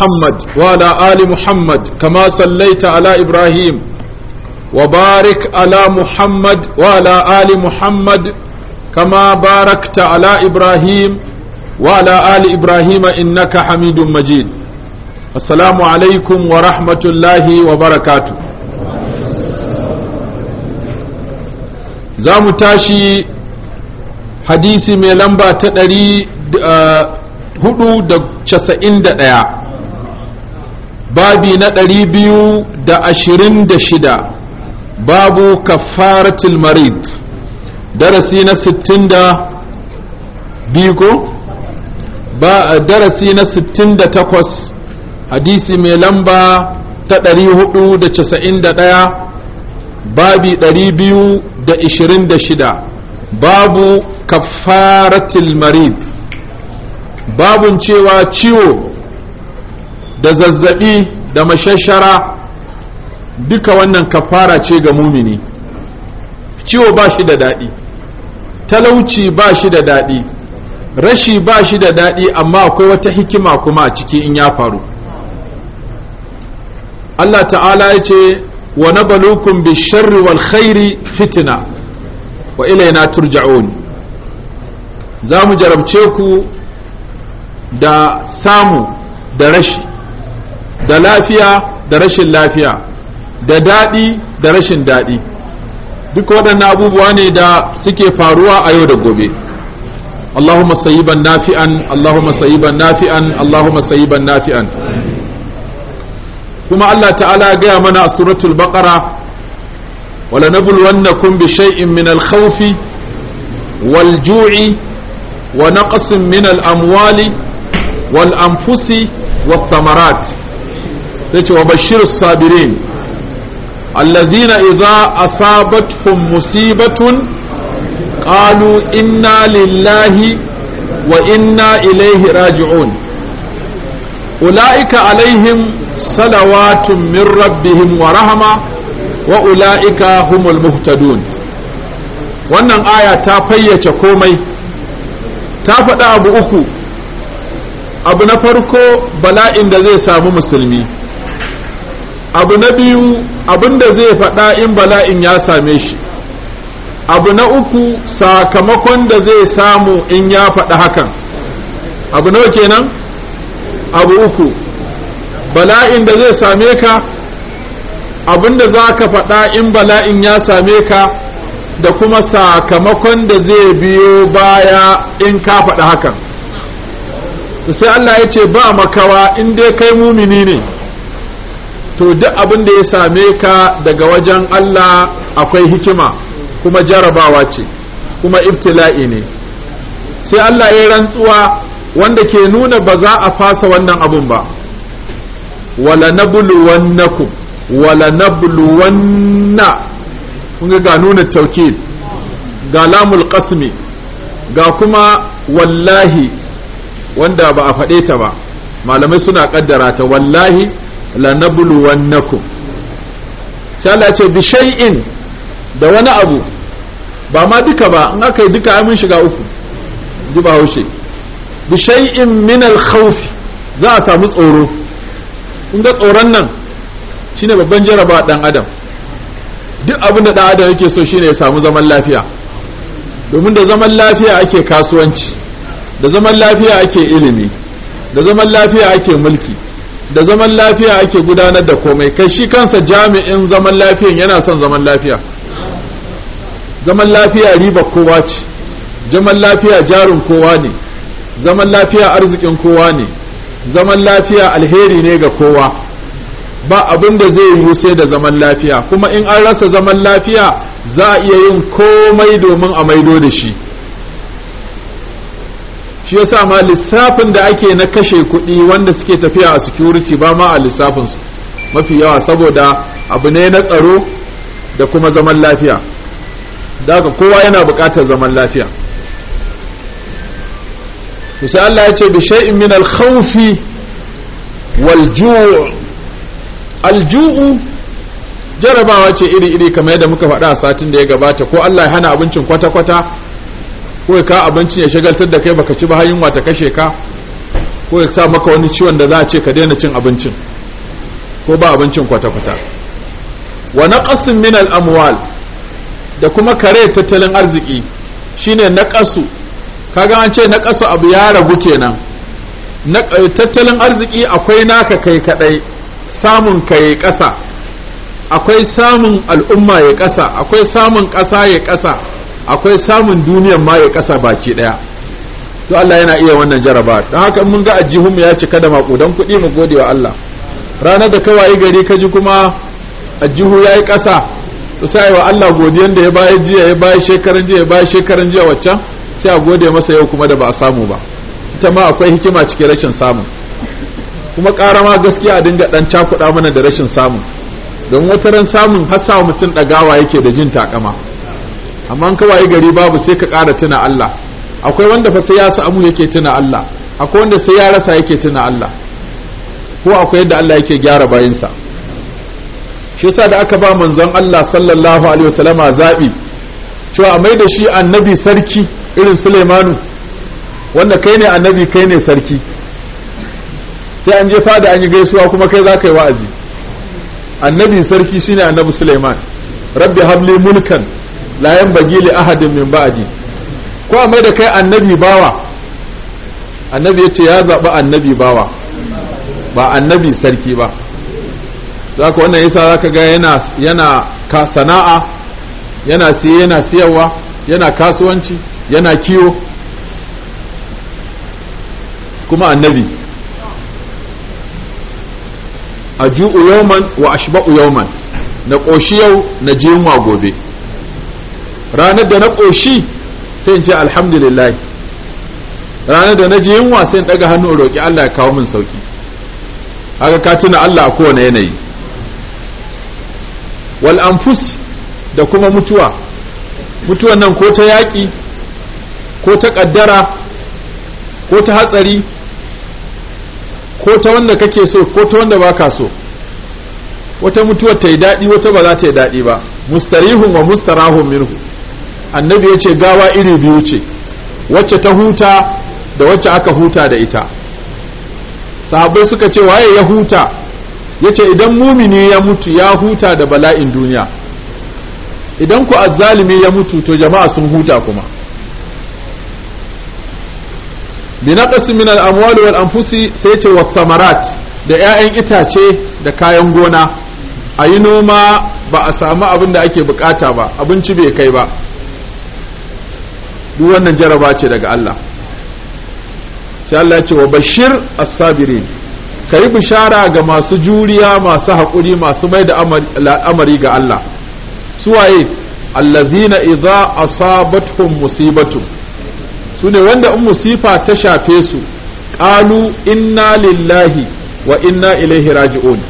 محمد وعلى آل محمد كما صليت على إبراهيم وبارك على محمد وعلى آل محمد كما باركت على إبراهيم وعلى آل إبراهيم إنك حميد مجيد السلام عليكم ورحمة الله وبركاته زام تاشي حديث ميلمبا تدري هدو دا 91 babi na ɗari biyu da ashirin da shida babu kafaratul marid darasi na sittin da darasi na sittin da takwas hadisi mai lamba ta ɗari hudu da casa'in da ɗaya babi ɗari biyu da ishirin da shida babu kafaratul marid babun cewa ciwo da zazzabi da mashashara duka wannan kafara ce ga mumini ciwo ba shi da daɗi talauci ba shi da daɗi rashi ba shi da daɗi amma akwai wata hikima kuma a ciki in ya faru Allah ta'ala ya ce wa na balukun bi sharri wal khairi fitina wa ilaina turja'un za mu jarabce ku da samu da rashi da lafiya da rashin lafiya da daɗi da rashin daɗi duk waɗannan abubuwa ne da suke faruwa a yau da gobe allahumma sayiban nafi'an allahumma sayiban nafi'an allahumma sayiban nafi'an kuma allah ta'ala gaya mana a suratul baqara wala nabluwannakum bi shay'in min al wal ju'i wa naƙasin min al-amwali wal anfusi wath thamarati sai ce wa bashir sabirin allazina idza asabatuhum musibatun qalu inna lillahi wa inna ilaihi raji'un ulaika alaihim salawatun min rabbihim wa rahama wa ulaika humul muhtadun wannan aya ta fayyace komai ta faɗa abu uku abu na farko bala'in da zai samu musulmi abu na biyu abinda zai faɗa in bala'in ya same shi abu na uku sakamakon da zai samu in ya faɗa hakan abu nawa kenan abu uku bala'in da zai same ka abinda za ka faɗa in bala'in ya same ka da kuma sakamakon da zai biyo baya in ka faɗa hakan sai Allah ya ce ba makawa in dai kai mumini ne to duk abin da ya same ka daga wajen Allah akwai hikima kuma jarabawa ce kuma ibtila'i ne sai Allah ya rantsuwa wanda ke nuna ba za a fasa wannan abun ba wala nabluwannakum wala nabluwanna kun ga nuna taukid ga lamul qasmi ga kuma wallahi wanda ba a faɗe ta ba malamai suna kaddara ta wallahi lanabluwannakum sai Allah ce bi shay'in da wani abu ba ma duka ba in aka yi duka mun shiga uku ji ba haushe bi shay'in min al za a samu tsoro in ga tsoron nan shine babban jaraba dan adam duk abin da dan adam yake so shine ya samu zaman lafiya domin da zaman lafiya ake kasuwanci da zaman lafiya ake ilimi da zaman lafiya ake mulki da zaman lafiya ake gudanar da komai kai shi kansa jami'in zaman lafiyan yana son zaman lafiya zaman lafiya riba kowa ce zaman lafiya jarin kowa ne zaman lafiya arzikin kowa ne zaman lafiya alheri ne ga kowa ba abin da zai yiwu sai da zaman lafiya kuma in an rasa zaman lafiya za a iya yin komai domin a maido da shi shi yasa ma lissafin da ake na kashe kuɗi wanda suke tafiya a security ba ma a lissafin su mafi yawa saboda abu ne na tsaro da kuma zaman lafiya da kowa yana buƙatar zaman lafiya to Allah ya ce bi shay'in min al-khawfi wal al-ju'u jarabawa ce iri-iri kamar yadda muka faɗa a satin da ya gabata ko Allah ya hana abincin kwata-kwata ko ka abincin ya shagaltar da kai baka ci ba yunwa ta kashe ka ko ya sa maka wani ciwon da za a ce ka daina cin abincin ko ba abincin kwata-kwata wa naqasin min al-amwal da kuma kare tattalin arziki shine naqasu kaga an ce naqasu abu ya ragu kenan eh, tattalin arziki akwai naka kai kadai samun ka'i ƙasa kasa akwai samun al'umma ya kasa akwai samun kasa ya kasa akwai samun duniyan ma ya kasa baki daya to Allah yana iya wannan jaraba don haka mun ga ajihunmu ya cika da makudan kuɗi mu gode wa Allah ranar da kawai gari ka ji kuma ajihu ya yi ƙasa to sai wa Allah godiyan da ya bayar jiya ya bayar shekaran jiya ya bayar shekaran jiya waccan sai a gode masa yau kuma da ba a samu ba ita ma akwai hikima cikin rashin samun kuma ƙarama gaskiya a dinga ɗan cakuɗa mana da rashin samun don wata ran samun har sa mutum ɗagawa yake da jin takama amma kawai gari babu sai ka kara tuna Allah akwai wanda fa sai ya samu yake tuna Allah akwai wanda sai ya rasa yake tuna Allah ko akwai yadda Allah yake gyara bayansa shi yasa da aka ba manzon Allah sallallahu alaihi wasallama zabi cewa a mai da shi annabi sarki irin Sulaimanu wanda kai ne annabi kai ne sarki sai an je fada an yi gaisuwa kuma kai zaka yi wa'azi annabi sarki shine annabi Sulaiman rabbi habli mulkan la bagili li ahadin min ba'di ko a mai da kai annabi bawa annabi ya ce ya zaɓi annabi bawa ba annabi sarki ba za ka wannan yasa za ka ga yana yana ka sana'a yana siye yana siyarwa yana kasuwanci yana kiwo kuma annabi a ju'u yauman wa ashba'u yauman na ƙoshi yau na jiyunwa gobe ranar da na ƙoshi sai in ce alhamdulillah ranar da na je yunwa sai in ɗaga hannu roƙi Allah ya kawo min sauki haka ka tuna Allah a kowane yanayi wal anfus da kuma mutuwa mutuwan nan ko ta yaƙi ko ta ƙaddara ko ta hatsari ko ta wanda kake so ko ta wanda baka so wata mutuwar ta yi daɗi wata ba za ta yi daɗi ba mustarihun wa mustarahun minhu annabi ya ce gawa iri biyu ce wacce ta huta da wacce aka huta da ita sahabbai suka ce waye ya huta ya ce idan mumini ya mutu ya huta da bala'in duniya idan ku azzalimi ya mutu to jama'a sun huta kuma binaqas min al wal anfusi sai ce samarat da 'ya'yan itace da kayan gona a yi noma ba a sami abin da ake bukata ba abinci bai kai ba duk wannan jaraba ce daga Allah sai Allah ce wa bashir as-sabirin kai bishara ga masu juriya masu haƙuri masu mai da al'amari ga Allah Su suwaye allazina idza asabatuhum musibatu sune wanda in musifa ta shafe su qalu inna lillahi wa inna ilaihi raji'un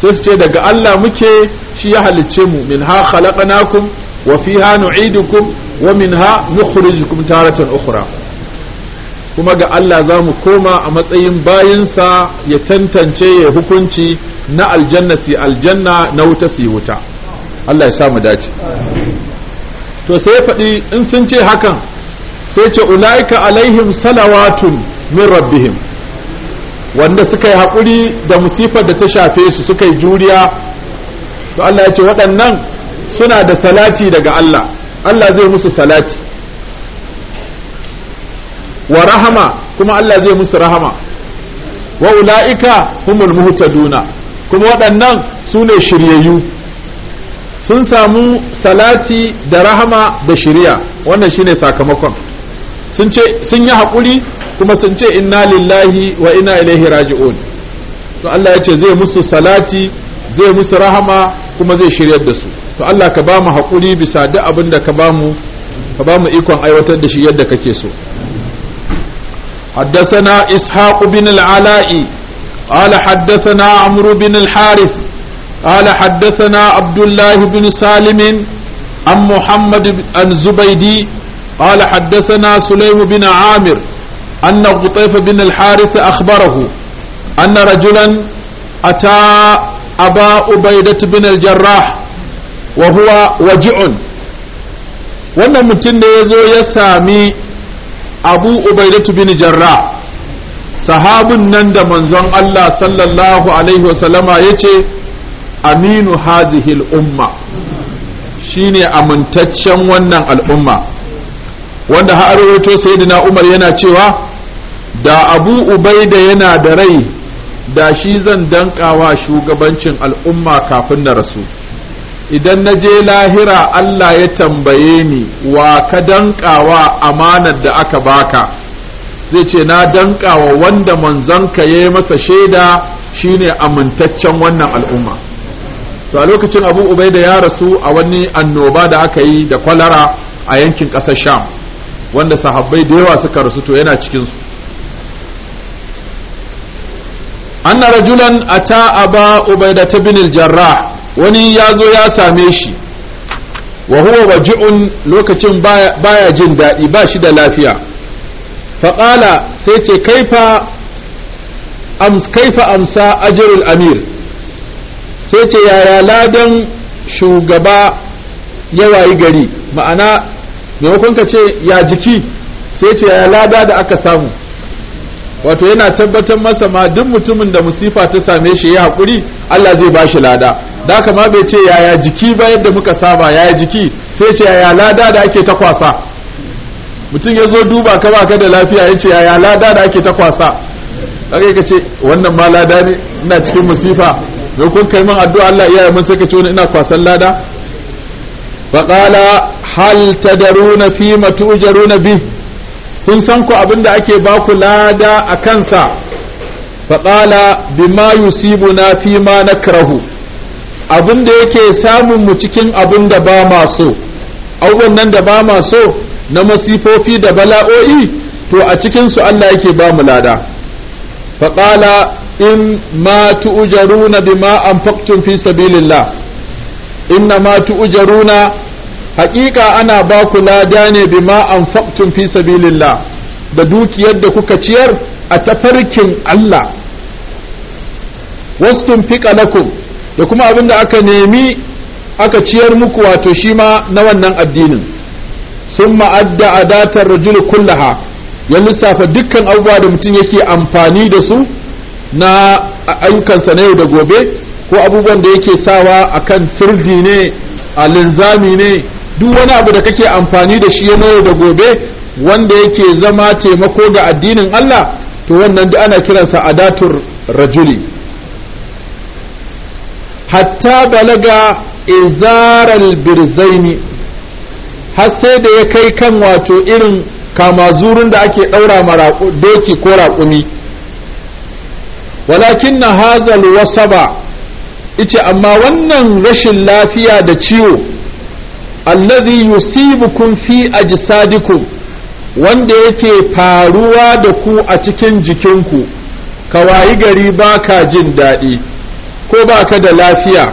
sai su ce daga Allah muke shi ya halicce mu min ha khalaqnakum wa fiha nu'idukum wa ha? nukhrijukum taratan ukhra kuma ga Allah za mu koma a matsayin bayinsa ya tantance ya hukunci na aljanna aljanna na wuta yi wuta Allah ya sa mu dace to sai ya faɗi in sun ce hakan sai ce ulaika alaihim salawatun min rabbihim wanda suka yi haƙuri da musifar da ta shafe su suka yi juriya to Allah ya ce waɗannan suna da salati daga Allah Allah zai musu salati wa rahama kuma Allah zai musu rahama wa ula'ika humul muhtaduna kuma waɗannan su ne shiryayyu sun samu salati da rahama da shirya wannan shine sakamakon sun ce sun yi haƙuri kuma sun ce inna lillahi wa inna ilaihi raji'un to Allah ya ce zai musu salati zai musu rahama kuma zai shiryar da su to Allah ka ba mu haƙuri bisa duk abin da ka ba mu ka ba mu ikon aiwatar da shi yadda kake so حدثنا إسحاق بن العلاء قال حدثنا عمرو بن الحارث قال حدثنا عبد الله بن سالم عن محمد بن زبيدي قال حدثنا سليم بن عامر أن قطيف بن الحارث أخبره أن رجلا أتى أبا أبيدة بن الجراح wa huwa waji'un wannan mutum da ya zo ya sami abu ubaidatu bin jarra sahabun nan da manzon Allah sallallahu alaihi wasallama ya ce aminu hazihil umma shine amintaccen wannan al'umma wanda har wato sayyidina Umar yana cewa da Abu Ubaida yana da rai da shi zan dankawa shugabancin al'umma kafin na rasu idan na je lahira Allah ya tambaye ni wa ka wa amanar da aka baka zai ce na dankawa wanda manzanka ya yi masa shaida shine amintaccen wannan al'umma to a lokacin abu ubaida ya rasu a wani annoba da aka yi da kwalara a yankin ƙasar sham wanda sahabbai da yawa suka rasu to yana cikinsu anna rajulan ata aba ubaida ta binil jarrah wani ya zo ya same shi wa huwa waji'un lokacin baya jin daɗi ba shi da lafiya faƙala sai ce kaifa amsa ajirul amir sai ce yaya ladan shugaba ya wayi gari ma'ana maimakon ka ce ya jiki sai ce yaya lada da aka samu wato yana tabbatar masa ma duk mutumin da musifa ta same shi ya haƙuri Allah zai ba shi lada da haka ma bai ce yaya jiki ba yadda muka saba yaya jiki sai ce yaya lada da ake ta kwasa mutum ya zo duba ka ba ka da lafiya ya ce yaya lada da ake ta kwasa kare ka ce wannan ma lada ne ina cikin musifa me kun kai min addu'a Allah iyaye mun ka ce wani ina kwasan lada faqala hal tadaruna fi matujaruna kun san ku abin da ake ba ku lada a kansa faƙala bima na fi ma nakrahu abin da yake samun mu cikin abin da ba ma so abubuwan nan da ba ma so na masifofi da bala'o'i to a cikinsu Allah yake ba mu lada faƙala in ma tu'jaruna bima anfaqtum fi sabilillah inna ma tu'jaruna haƙiƙa ana ba ku lada ne bima anfaqtum fi sabilillah da dukiyar da kuka ciyar a tafarkin Allah wastum fi lakum da kuma abin da aka nemi aka ciyar muku wato shi ma na wannan addinin sun ma'adda a datar rajul kullaha ya lissafa dukkan abubuwa da mutum yake amfani da su na ayyukansa na yau da gobe ko abubuwan da yake sawa akan sirdi ne a linzami ne duk wani abu da kake amfani da shi na yau da gobe wanda yake zama taimako ga addinin Allah to wannan duk ana kiransa adatur rajuli hatta balaga izaral birzaini har sai da ya kai kan wato irin kamazurin da ake daura ma doki ko raƙumi walakin na hazal wasaba ice amma wannan rashin lafiya da ciwo allazi yusibukum fi ajsadikum wanda yake faruwa da ku a cikin jikinku ka wayi gari baka jin daɗi ko baka da lafiya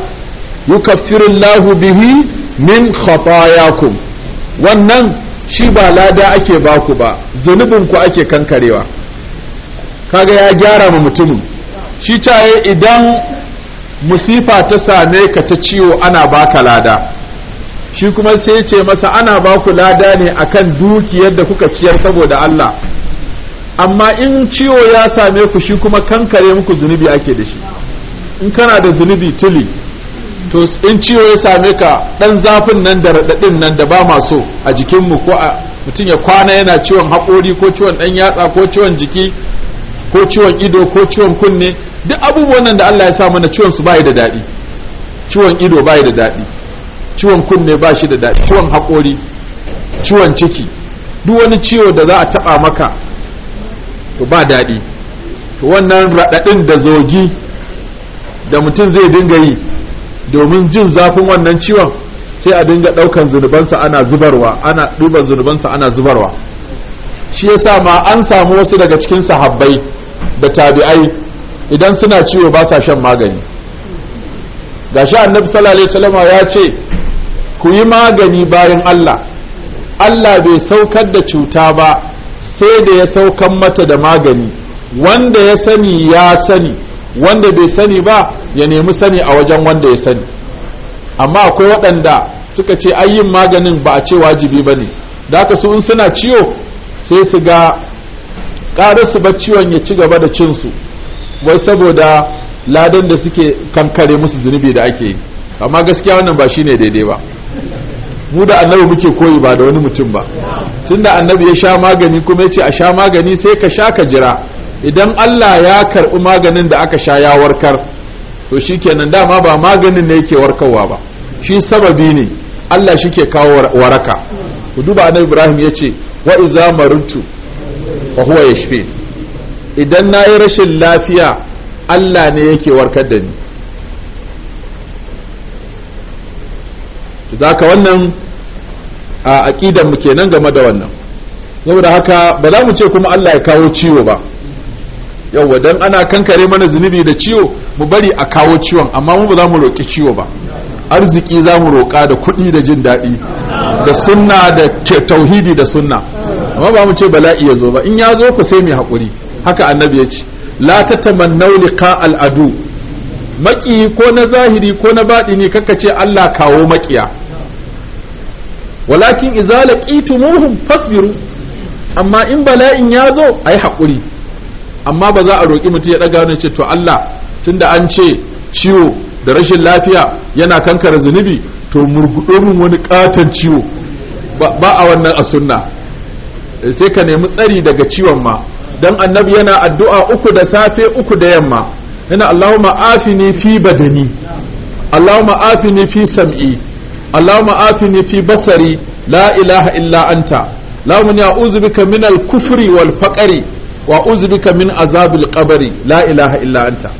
yukaffirullahu bihi min khatayakum wannan shi ba lada ake baku ba zunubinku ake kankarewa kaga ya gyara ma mutumin shi caye idan musifa ta same ka ta ciwo ana baka lada shi kuma sai ce masa ana ba ku lada ne akan dukiyar da kuka ciyar saboda Allah amma in ciwo ya same ku shi kuma kankare muku zunubi ake da shi in kana da zunubi tuli to in ciwo ya same ka dan zafin nan da raɗaɗin nan da ba maso a jikin mu ko a mutum ya kwana yana ciwon haƙori ko ciwon ɗan yatsa ko ciwon jiki ko ciwon ido ko ciwon kunne duk abubuwan nan da Allah ya sa mana ciwon su bai da daɗi ciwon ido bai da daɗi ciwon kunne ba shi da daɗi ciwon haƙori ciwon ciki duk wani ciwo da za a taɓa maka to ba daɗi to wannan raɗaɗin da zogi da mutum zai dinga yi domin jin zafin wannan ciwon sai a dinga ɗaukan zunubansa ana zubarwa ana duba zunubansa ana zubarwa shi yasa ma an samu wasu daga cikin sahabbai da tabi'ai idan suna ciwo ba sa shan magani gashi annabi sallallahu alaihi wasallam ya ce ku yi magani bayan Allah Allah bai saukar da cuta ba sai da ya saukan mata da magani wanda ya sani ya sani wanda bai sani ba ya nemi sani a wajen wanda ya sani amma akwai waɗanda suka ce yin maganin ba a ce wajibi ba ne da haka su in suna ciwo sai su ga ƙararsu ba ciwon ya ci gaba da cinsu wai saboda ladan da suke kankare musu zunubi da ake yi amma gaskiya wannan ba shi ne daidai ba mu da annabi muke koyi ba da wani mutum ba tunda annabi ya sha magani kuma ya ce a sha magani sai ka sha ka jira idan Allah ya karɓi maganin da aka sha ya warkar to shikenan dama ba maganin ne yake warkarwa ba shi sababi ne Allah shi ke kawo waraka ku duba annabi Ibrahim ya ce wa iza marutu wa huwa yashfi idan nayi rashin lafiya Allah ne yake warkar da ni zaka wannan a aqidan mu kenan game da wannan saboda haka ba za mu ce kuma Allah ya kawo ciwo ba Yau dan ana kankare mana zunubi da ciwo mu bari a kawo ciwon amma mu ba za mu roƙi ciwo ba arziki za mu roƙa da kuɗi da jin daɗi da sunna da tauhidi da sunna amma ba mu ce bala'i ya zo ba in ya zo ku sai mai haƙuri haka annabi ya ce la tatamannau liqa al'adu maki ko na zahiri ko na baɗini kaka ce Allah kawo maƙiya walakin idza laqitumuhum fasbiru amma in bala'in ya zo ayi hakuri amma ba za a roki mutum ya daga wani ce to Allah tunda an ce ciwo da rashin lafiya yana kankara zunubi to murgudo mun wani katon ciwo ba a wannan a sunna eh, sai ka nemi tsari daga ciwon ma dan annabi yana addu'a uku da safe uku da yamma yana Allahumma afini fi badani Allahumma afini fi sam'i Allahumma afini fi basari la ilaha illa anta Allahumma ni a'udhu bika min al-kufri wa a'udhu bika min azabil la ilaha illa anta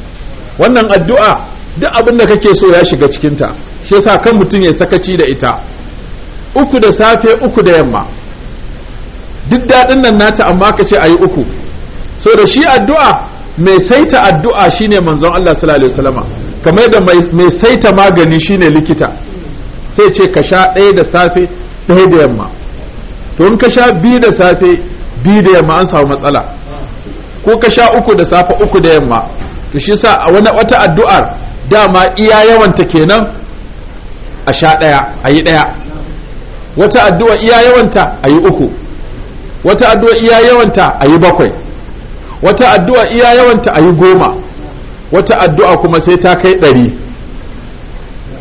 wannan addu'a duk abin da kake so ya shiga cikinta shi yasa kan mutum ya sakaci da ita uku da safe uku da yamma duk daɗin nan nata amma ka ce ayi uku so da shi addu'a mai saita addu'a shine manzon Allah sallallahu alaihi wasallama kamar da mai saita magani shine likita sai ce ka sha ɗaya da safe ɗaya da yamma to in ka sha biyu da safe biyu da yamma an samu matsala ko ka sha uku da safe uku da yamma to shi sa a wani wata addu'ar dama iya yawanta kenan a sha ɗaya a yi ɗaya wata addu'a iya yawanta a yi uku wata addu'a iya yawanta a yi bakwai wata addu'a iya yawanta a yi goma wata addu'a kuma sai ta kai ɗari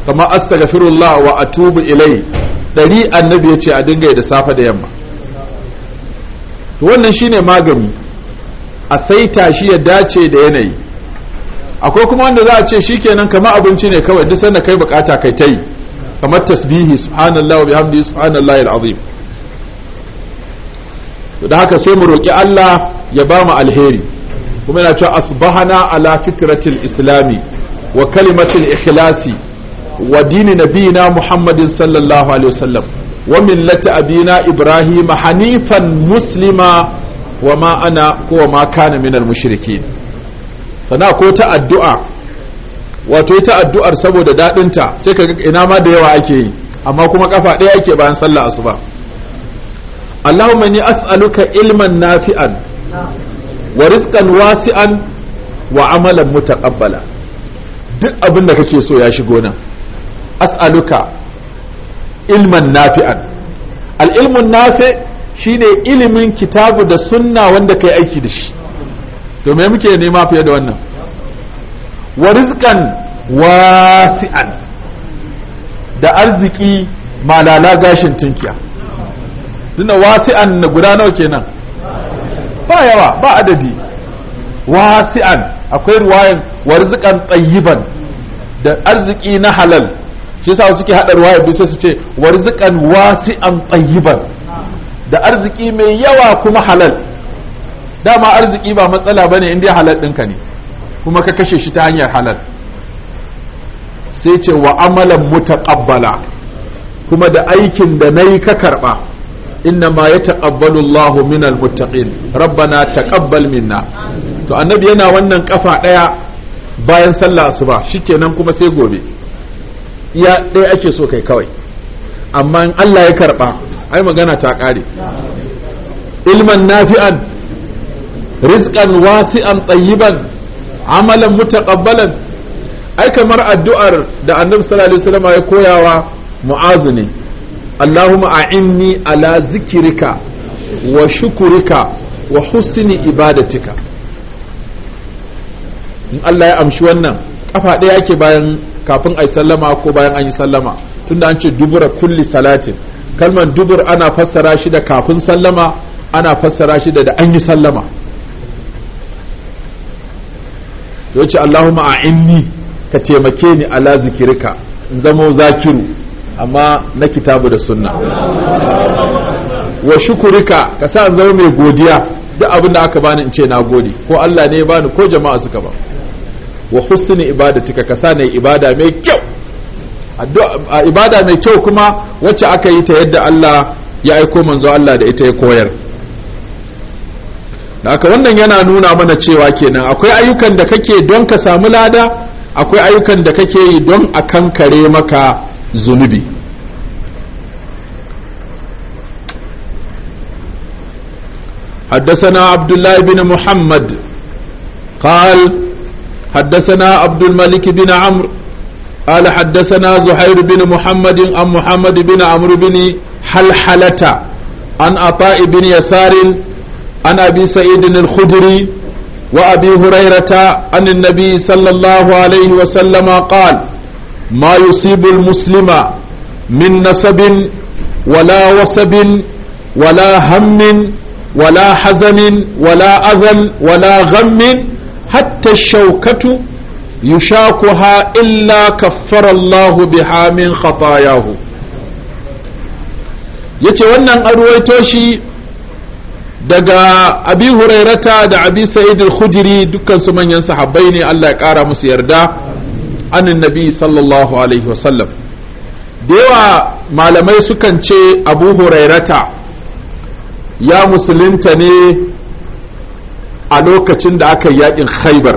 kamar astaghfirullah wa atubu ilai dari annabi ya ce a dinga da safe da yamma to wannan shine magani a saita shi ya dace da yanayi akwai kuma wanda za a ce shikenan kamar abinci ne kawai duk sanda kai bukata kai ta yi kamar tasbihi subhanallah wa bihamdihi subhanallahi alazim da haka sai mu roƙi Allah ya ba mu alheri kuma yana cewa asbahana ala fitratil islami wa kalimatil ikhlasi wa dini nabiyina muhammadin sallallahu alaihi wasallam wa millati abina ibrahim hanifan muslima wa ma ana ko wa ma kana minal mushrikin sana ko ta wato ita addu'ar saboda daɗinta sai ka ina ma da yawa ake yi amma kuma kafa ɗaya ake bayan sallah asuba Allahumma ni as'aluka ilman nafi'an wa rizqan wasi'an wa amalan mutaqabbala duk abin da kake so ya shigo nan as'aluka ilman nafi'an al'ilmun nafi shine ilimin kitabu da sunna wanda kai aiki da shi to muke nema fiye da wannan wa rizqan wasi'an da arziki malala gashin tunkiya tunda wasi'an na guda nawa kenan ba yawa ba adadi wasi'an akwai ruwayan warzikan tsayiban da arziki na halal shi yasa suke hada ya biyu sai su ce warziqan wasi'an tayyiban da arziki mai yawa kuma halal dama arziki ba matsala bane in dai halal ka ne kuma ka kashe shi ta hanyar halal sai ce wa amalan mutaqabbala kuma da aikin da nayi ka karba inna ma yataqabbalu Allahu minal muttaqin rabbana taqabbal minna to annabi yana wannan kafa daya bayan sallah asuba shikenan kuma sai gobe iya ɗaya ake so kai kawai amma in Allah ya karɓa ai magana ta ƙare ilman nafi'an rizqan wasi'an tayyiban amalan mutaqabbalan ai kamar addu'ar da annabi sallallahu alaihi wasallam ya koyawa mu'azu ne allahumma a'inni ala zikrika wa shukurika wa husni ibadatika in Allah ya amshi wannan kafa ɗaya ake bayan kafin a yi sallama ko bayan an yi sallama tun da an ce dubura kulli salatin kalman dubur ana fassara shi da kafin sallama ana fassara shi da da an yi sallama yace Allahumma a'inni ka taimake ni ala zikirka in zamo zakiru amma na kitabu da sunna wa shukurika ka sa in zama mai godiya duk abin da aka bani in ce na gode ko Allah ne ya bani ko jama'a suka ba wa husni ibadatika ka sa ne ibada mai kyau a ibada mai kyau kuma wacce aka yi ta yadda Allah ya aiko manzo Allah da ita ya koyar da haka wannan yana nuna mana cewa kenan akwai ayyukan da kake don ka samu lada akwai ayyukan da kake yi don a kankare maka zunubi Haddasa na Abdullahi بن Muhammad قال حدثنا عبد الملك بن عمرو قال حدثنا زهير بن محمد عن محمد بن عمرو بن حلحلة عن عطاء بن يسار عن أبي سعيد الخدري وأبي هريرة عن النبي صلى الله عليه وسلم قال ما يصيب المسلم من نصب ولا وصب ولا هم ولا حزن ولا أذى ولا غم hatta shaukatu yushakuha illa kaffara Allahu biha yace wannan arwaito shi daga abi hurairata da abi sa'id al dukkan manyan sahabbai ne Allah ya yarda anin sallallahu alaihi wasallam da yawa malamai sukan ce abu hurairata ya musulunta ne a lokacin da aka yi yakin khaibar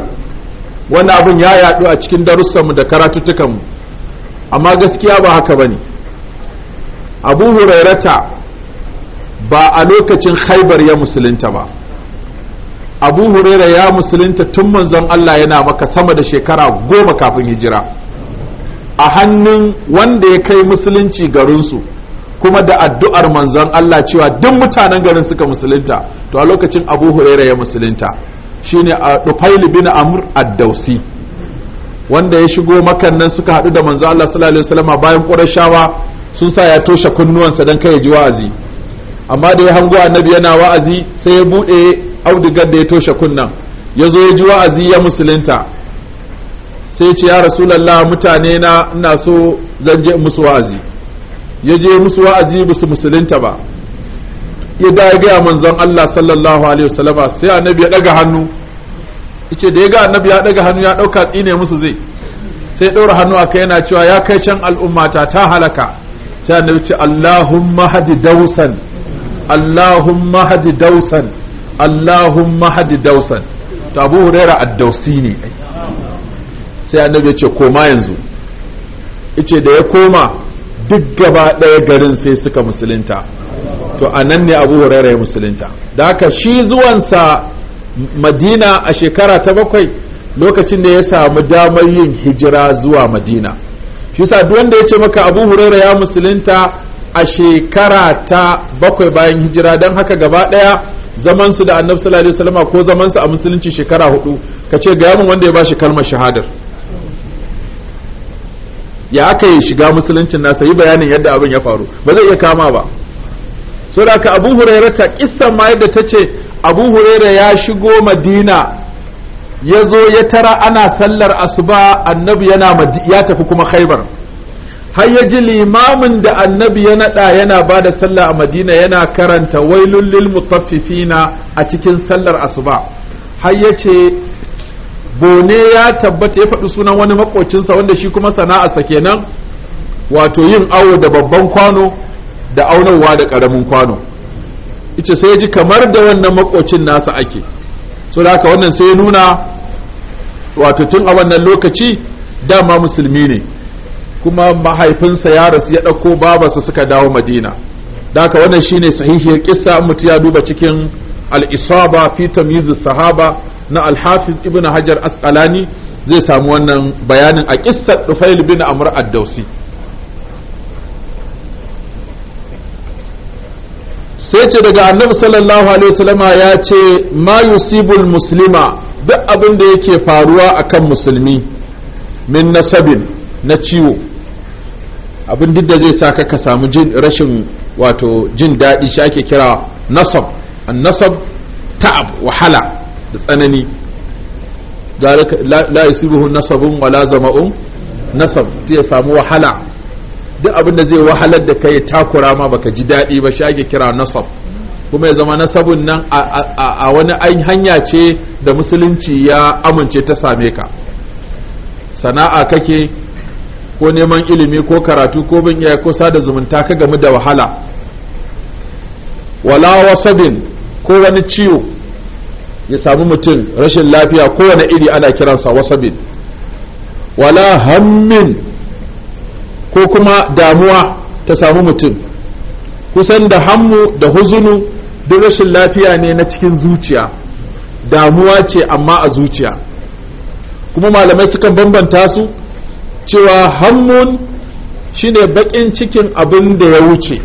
wani abin ya yaɗu a cikin mu da karatuttukanmu amma gaskiya ba haka ba ne abu hurairata ba a lokacin khaibar ya musulunta ba abu huraira ya musulunta tun manzon Allah yana maka sama da shekara goma kafin hijira a hannun wanda ya kai musulunci garinsu kuma da addu'ar manzon Allah cewa duk mutanen garin suka musulunta to a lokacin abu huraira ya musulunta shine a uh, dufail bin amr ad wanda ya shigo makan nan suka haɗu da manzo Allah sallallahu alaihi wasallam bayan qurayshawa sun sa ya toshe kunnuwansa dan kai ya ji wa'azi amma da ya hango annabi yana wa'azi sai ya bude audigar da ya toshe kunnan ya zo ya ji wa'azi ya musulunta sai ce ya rasulallah mutane na ina so zan je musu wa'azi ya je musu wa'azi ba musulunta ba ya da ya gaya manzon Allah sallallahu alaihi wasallama sai annabi ya daga hannu yace da ya ga annabi ya daga hannu ya dauka tsine musu zai sai daura hannu a aka yana cewa ya kai can al'ummata ta halaka sai annabi ce Allahumma hadi dausan Allahumma hadi dausan Allahumma hadi dausan to Abu Huraira ad-Dausi ne sai annabi ya ce koma yanzu yace da ya koma duk gaba ɗaya garin sai suka musulunta to a nan ne abu huraira ya musulunta da haka shi zuwansa madina a shekara ta bakwai lokacin da ya samu damar yin hijira zuwa madina shi sa duk wanda ya ce maka abu huraira ya musulunta a shekara ta bakwai bayan hijira don haka gaba ɗaya zamansu da annabi sallallahu alaihi ko zamansu a musulunci shekara hudu ka ce ga yamin wanda ya bashi shi kalmar shahadar ya aka yi shiga musuluncin nasa yi bayanin yadda abin ya faru ba zai iya kama ba so da ka abu ta kissan ma yadda ta ce abu ya shigo madina ya zo ya tara ana sallar asuba annabi yana ya tafi kuma khaibar har ya ji limamin da annabi ya naɗa yana ba da sallah a madina yana karanta wailul lil mutaffifina a cikin sallar asuba har ya ce bone ya tabbata ya faɗi sunan wani makocinsa wanda shi kuma sana'a sana'arsa kenan wato yin awo da babban kwano da aunarwa da ƙaramin kwano ita sai ji kamar da wannan makocin nasa ake so da haka wannan sai nuna wato tun a wannan lokaci dama musulmi ne kuma mahaifinsa ya rasu ya ɗauko babarsa suka dawo madina da haka wannan shine sahihiyar kissa mutu ya duba cikin al-isaba fi tamyiz sahaba na alhafiz ibn hajar asqalani zai samu wannan bayanin a kissar dufail bin amr ad-dausi sai ce daga annabi sallallahu alaihi wasallam ya ce ma yusibul muslima duk abin da yake faruwa akan musulmi min nasabin na ciwo abin da zai sa ka samu rashin wato jin daɗi shi ake kira nasab an nasab ta'ab wahala da tsanani la yusibuhu nasabun wala zama'un nasab zai samu wahala duk abin da zai wahalar da kai takura ma baka ji daɗi ba shi ake kira nasab kuma ya zama nasabun nan a wani hanya ce da musulunci ya amince ta same ka sana'a kake ko neman ilimi ko karatu ko bin iyaye ko sada zumunta ka gamu da wahala wala wasabin ko wani ciwo ya samu mutum rashin lafiya kowane iri ana kiransa wasabin wala hammin ko kuma damuwa ta samu mutum kusan da hammu da huzunu duk rashin lafiya ne na cikin zuciya damuwa ce amma a zuciya kuma malamai sukan bambanta su cewa hammun shine bakin cikin abin da ya wuce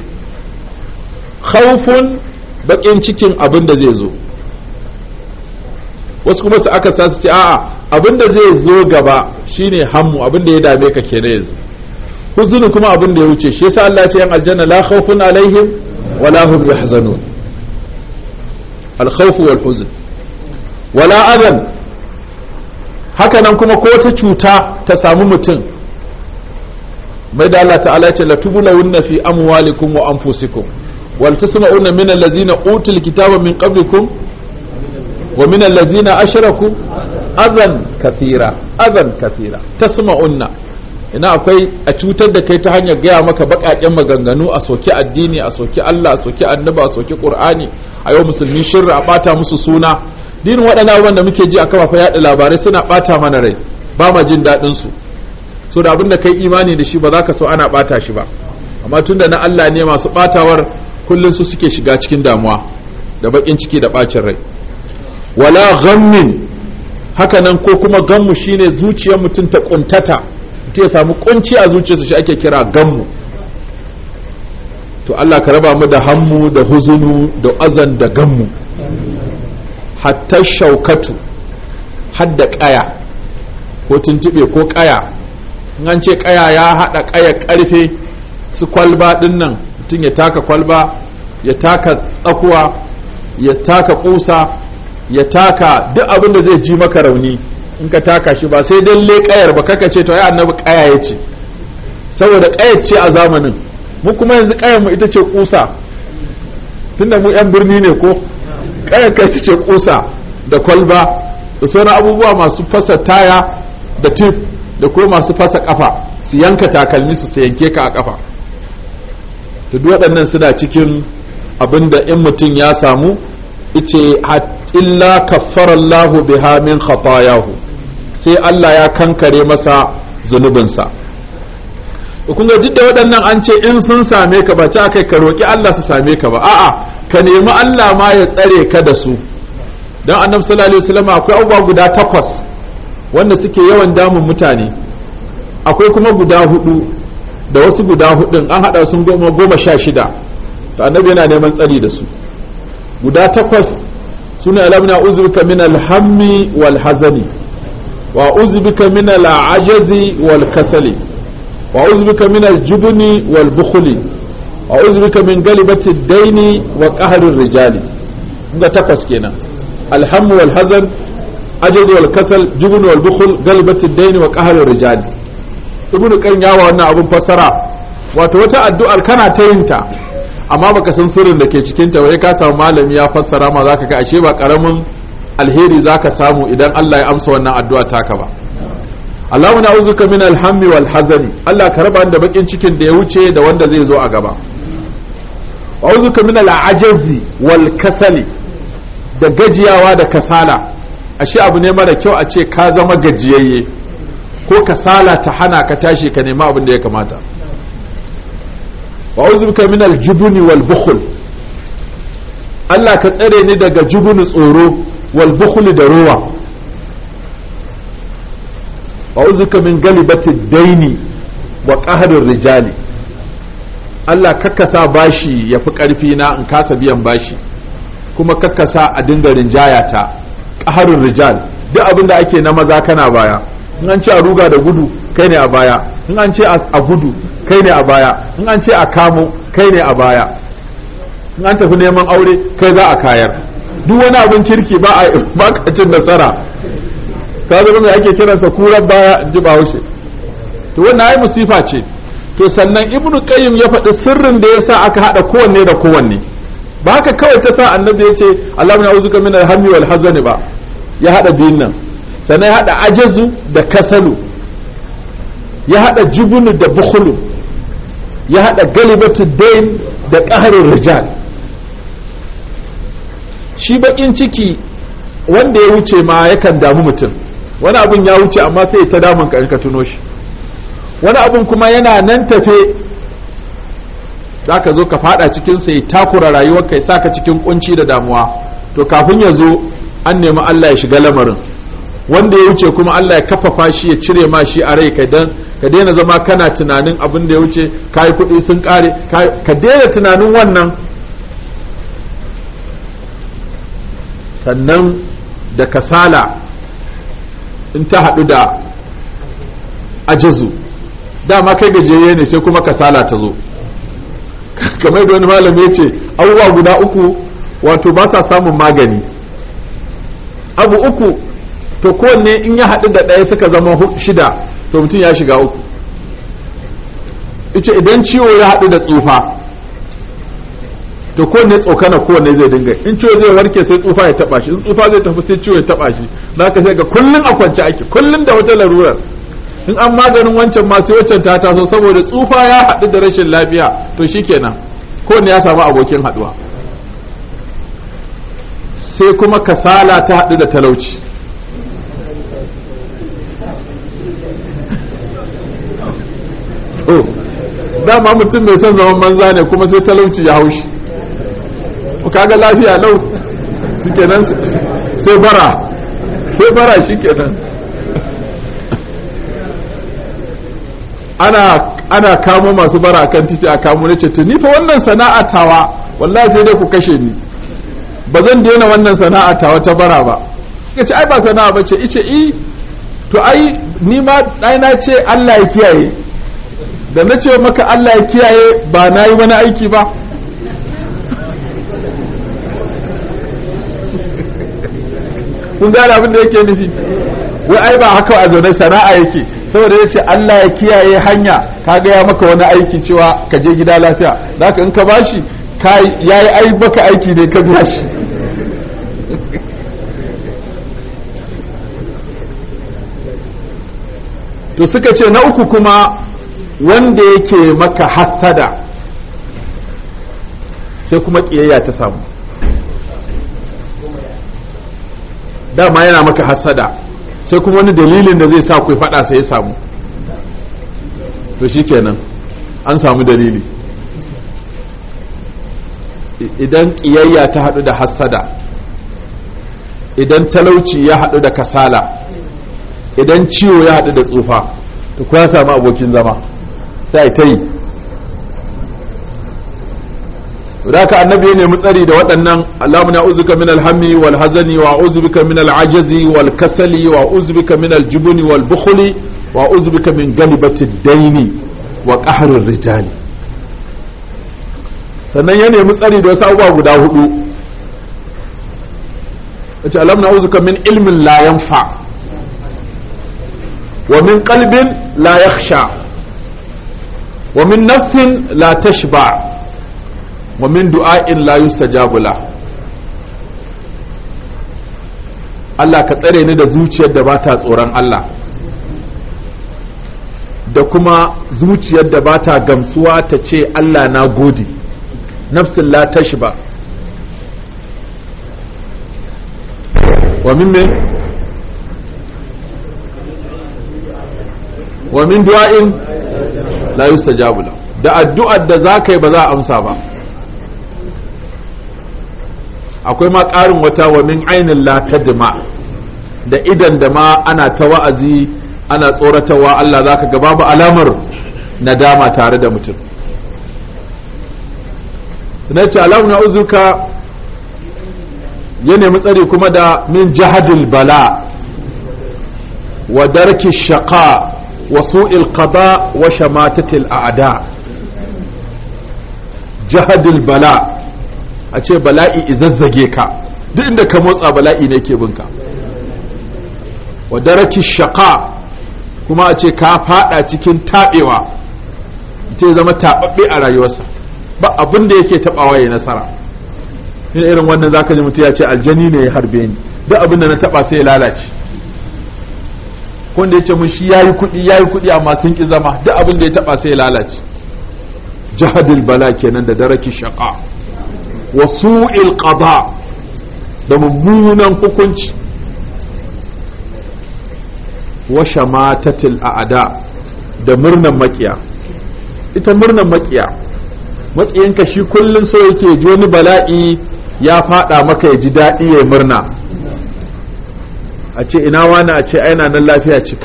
kaufin bakin cikin abin da zai zo wasu kuma su aka sa su ce a'a abinda zai zo gaba shine hammu abinda ya dame ka kenan yanzu huzuni kuma abinda ya wuce shi yasa Allah ya ce yan aljanna la khawfun alaihim wala hum yahzanun al khawf wal huzn wala adan haka nan kuma ko ta cuta ta samu mutum mai da Allah ta'ala ya ce la tubulawunna fi amwalikum wa anfusikum wal tasma'una min allazina utul kitaba min qablikum wa min allazina ashraku azan kathira azan kathira tasma'unna ina akwai a cutar da kai ta hanyar gaya maka baƙaƙen maganganu a soki addini a soki Allah a soki annaba a soki Qur'ani a yau musulmi shirra a bata musu suna dinin waɗannan abubuwan da muke ji a kafafen yaɗa labarai suna bata mana rai ba ma jin daɗin su so da abin da kai imani da shi ba za ka so ana bata shi ba amma tunda na Allah ne masu batawar kullum su suke shiga cikin damuwa da baƙin ciki da ɓacin rai wala ghammin haka nan ko kuma gammu shine zuciyar mutum ta kuntata mutum ya samu kunci a zuciyarsa shi ake kira gammu to Allah ka raba mu da hammu da huzunu da azan da gammu hatta shaukatu hadda kaya ko tuntube ko kaya in an ce kaya ya hada kaya karfe su kwalba din nan mutum ya taka kwalba ya taka tsakuwa ya taka kusa ya taka duk abin da zai ji maka rauni in ka taka shi ba sai dan kayar ba kaka ce to ai annabi ƙaya ya ce saboda ƙayar ce a zamanin mu kuma yanzu kayar mu ita ce kusa tunda mu yan birni ne ko ƙayar kai ce kusa da kwalba da sauran abubuwa masu fasa taya da tif da kuma masu fasa kafa su yanka takalmi su yanke ka a kafa to duk waɗannan suna cikin abinda in mutum ya samu ice illa kaffarallahu biha min khatayahu sai Allah ya kankare masa zunubinsa kun ga duk da waɗannan an ce in sun same ka ba ta kai ka roki Allah su same ka ba a'a ka nemi Allah ma ya tsare ka da su don annabi sallallahu alaihi wasallam akwai abubuwa guda takwas wanda suke yawan damun mutane akwai kuma guda hudu da wasu guda hudun an hada sun goma goma sha shida to annabi yana neman tsari da su guda takwas shine alamna uzbika min alhammi wal wal kasali wa uzbika min aljubni wal bukhli wa uzbika min galibati daini wa qahri rijali inda takwas kenan alhammu wal hazan ajaz wal kasal jubn wal bukhl galibati daini wa qahri rijali ibnu kan wannan abun fassara wato wata addu'ar kana ta yinta amma baka san sirrin da ke cikin ta wai ka samu malami ya fassara ma zaka ga ashe ba karamin alheri zaka samu idan Allah ya amsa wannan addu'a taka ba Allahumma na'uzuka min alhammi wal hazani Allah ka raba da bakin cikin da ya wuce da wanda zai zo a gaba a'uzuka min al'ajazi wal kasali da gajiyawa da kasala ashe abu ne mara kyau a ce ka zama gajiyayye ko kasala ta hana ka tashi ka nema abin da ya kamata wa uzbuka min aljubuni wal bukhl Allah ka tsare ni daga jubuni tsoro wal bukhl da rowa wa uzbuka min galibati daini wa qahri rijali Allah kakkasa bashi yafi karfi na in kasa biyan bashi kuma kakkasa a dinga rinjaya ta qahrur rijal duk abinda ake na maza kana baya in an ce a ruga da gudu kai ne a baya in an ce a gudu kai ne a baya in an ce a kamo kai ne a baya in an tafi neman aure kai za a kayar duk wani abin kirki ba a baka nasara ta zama mai ake kiransa kuran baya ji bahaushe to wannan ai musifa ce to sannan ibnu qayyim ya faɗi sirrin da yasa aka haɗa kowanne da kowanne ba haka kawai ta sa annabi ya ce Allahumma na'uzuka min al wal hazani ba ya hada biyun nan sannan ya hada ajazu da kasalu ya haɗa jubunu da bukhulu ya haɗa galibatu dain da ƙaharin rijal shi baƙin ciki wanda ya wuce ma yakan damu mutum wani abun ya wuce amma sai ta damun ka tuno shi wani abun kuma yana nan tafe za ka zo ka fada cikin sai takura rayuwar kai saka cikin kunci da damuwa to kafin ya zo an nemi Allah ya shiga lamarin wanda ya wuce kuma Allah ya kafafa shi ya cire ma shi a rai ka dan ka daina zama kana tunanin abin da ya wuce kai kuɗi sun kare ka daina tunanin wannan sannan da kasala in ta haɗu da ajizu dama kai gajiyayye ne sai kuma kasala ta zo kamar da wani malami ya ce abubuwa guda uku wato ba sa samun magani abu uku to kowanne in ya haɗu da ɗaya suka zama shida to mutum ya shiga uku ita idan ciwo ya haɗu da tsufa to kowanne tsokana kowanne zai dinga in ciwo zai warke sai tsufa ya taɓa shi in tsufa zai tafi sai ciwo ya taɓa shi na ka sai ga kullum a kwance ake kullum da wata larurar in an maganin wancan ma sai ta taso saboda tsufa ya haɗu da rashin lafiya to shikenan kowanne ya samu abokin haɗuwa sai kuma kasala ta haɗu da talauci to oh. dama mutum mai son zaman banza ne kuma sai talauci ya haushi kaga lafiya lau shikenan sai bara sai bara shikenan ana ana kamo masu bara akan titi a kamo nace to ni fa wannan sana'a tawa wallahi sai dai ku kashe ni ba zan daina wannan sana'a tawa ta bara ba ce ai ba sana'a ce ice i eh, to ai ni ma na ce Allah ya kiyaye da na ce maka Allah ya kiyaye ba na yi wani aiki ba kun gane abin da yake nufi wai ai ba haka a zaune sana'a yake saboda ya ce Allah ya kiyaye hanya ka gaya maka wani aiki cewa ka je gida lafiya da haka in ka bashi ya yi ai baka aiki ne ka biya shi to suka ce na uku kuma wanda yake maka hassada sai kuma kiyayya ta samu dama yana maka hassada sai kuma wani dalilin da zai sa ku faɗa sai ya samu to shikenan an samu dalili idan ƙiyayya ta hadu da hassada idan talauci ya hadu da kasala idan ciwo ya hadu da tsufa to ku ya samu abokin zama sai ta yi haka annabi ya nemi tsari da waɗannan Allahumma na'uzuka min alhammi wal hazani wa uzbika min al'ajazi wal kasali wa uzbika min aljubni wal bukhli wa uzbika sannan tsari da wasu abubuwa guda hudu min ilmin la yanfa wa min qalbin la yakhsha wa min nafsin la tashba wa min du'a'in la yustajabu la Allah ka tsare ni da zuciyar da ba ta tsoron Allah da kuma zuciyar da ba ta gamsuwa ta ce Allah na gode nafsin la tashba wa min me wa min du'a'in la yustajabu da addu'ar da za ka yi ba za a amsa ba akwai ma ƙarin wata wa min ainin la tadma da idan da ma ana ta wa'azi ana tsoratawa Allah za ka ga babu alamar nadama tare da mutum na ce alamu na uzuka ya nemi tsari kuma da min jahadul bala wa darki shaqa wa su'il qada wa shamatatil a'da jahadil bala a ce bala'i izazzage ka duk inda ka motsa bala'i ne ke binka wa daraki kuma a ce ka fada cikin taɓewa ce zama tababbe a rayuwarsa ba abin da yake tabawa ya nasara ina irin wannan zaka ji mutum ya ce aljani ne ya harbe ni duk abin da na taɓa sai ya lalace wanda ya ce mun shi yayi kuɗi yayi kuɗi amma sun ki zama duk abin da ya taba sai lalace jahadul bala kenan da daraki shaqa wa su'il qada da mummunan hukunci wa shamatatil a'ada da murnan makiya ita murnan makiya maƙiyanka shi kullum so yake ji wani bala'i ya faɗa maka ya ji daɗi ya murna a ce ina wani a ce aina nan lafiya ce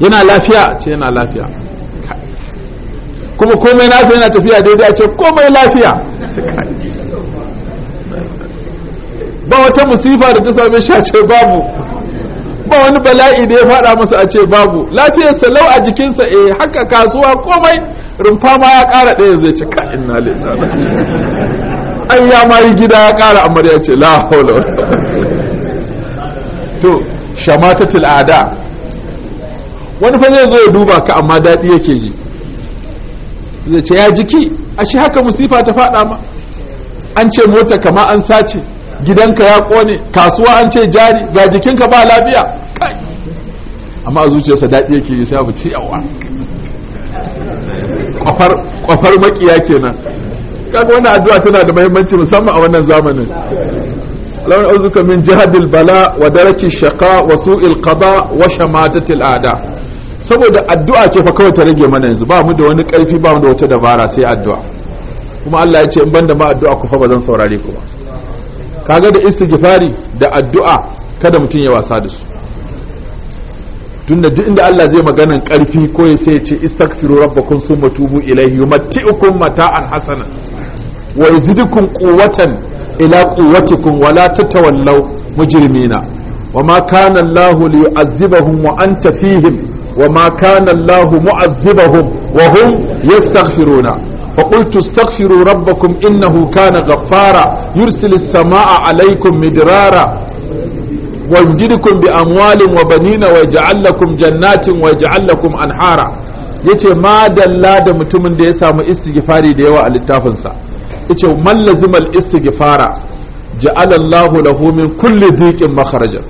yana lafiya ce yana lafiya kuma komai nasa yana tafiya daidai a ce komai lafiya ba wata musifa da ta same shi a ce babu ba wani bala'i da ya fada masa a ce babu lafiyar salau a jikinsa eh haka kasuwa komai rumfa ma ya kara ɗaya zai ci ka'in na an ya ma yi gida ya kara amma ya ce la haula to shamatatul ada wani fa zai zo ya duba ka amma dadi yake ji zai ce ya jiki ashe haka musifa ta faɗa ma an ce mota kama an sace gidanka ya kone kasuwa an ce jari ga jikinka ba lafiya amma a zuciyarsa daɗi yake yi sai abu ce yawa kwafar makiya kenan kaga wannan addu'a tana da muhimmanci musamman a wannan zamanin Allahumma a'udhuka min jihadil bala wa daraki shaqa wa su'il qada wa shamatatil ada saboda addu'a ce fa kawai ta rage mana yanzu ba mu da wani karfi ba mu da wata dabara sai addu'a kuma Allah ya ce in banda ma addu'a ku fa ba zan saurare ku ba kaga da istighfari da addu'a kada mutum ya wasa da su tunda duk inda Allah zai maganan karfi ko ya sai ce istaghfiru rabbakum summa tubu ilayhi yumati'ukum mata'an hasana wa yazidukum quwwatan ila quwwatikum wa la tatawallaw mujrimina wa ma kana Allah liyu'azzibahum wa anta fihim wa ma kana Allah mu'azzibahum wa hum yastaghfiruna فقلت استغفروا ربكم إنه كان غفارا يرسل السماء عليكم مدرارا ويمددكم بأموال وبنين ويجعل لكم جنات ويجعل لكم أنهارا yace ma dalla da mutumin da ya samu istighfari da yawa a littafinsa yace man lazima al-istighfara ja'ala Allahu lahu min kulli dhiqin makharaja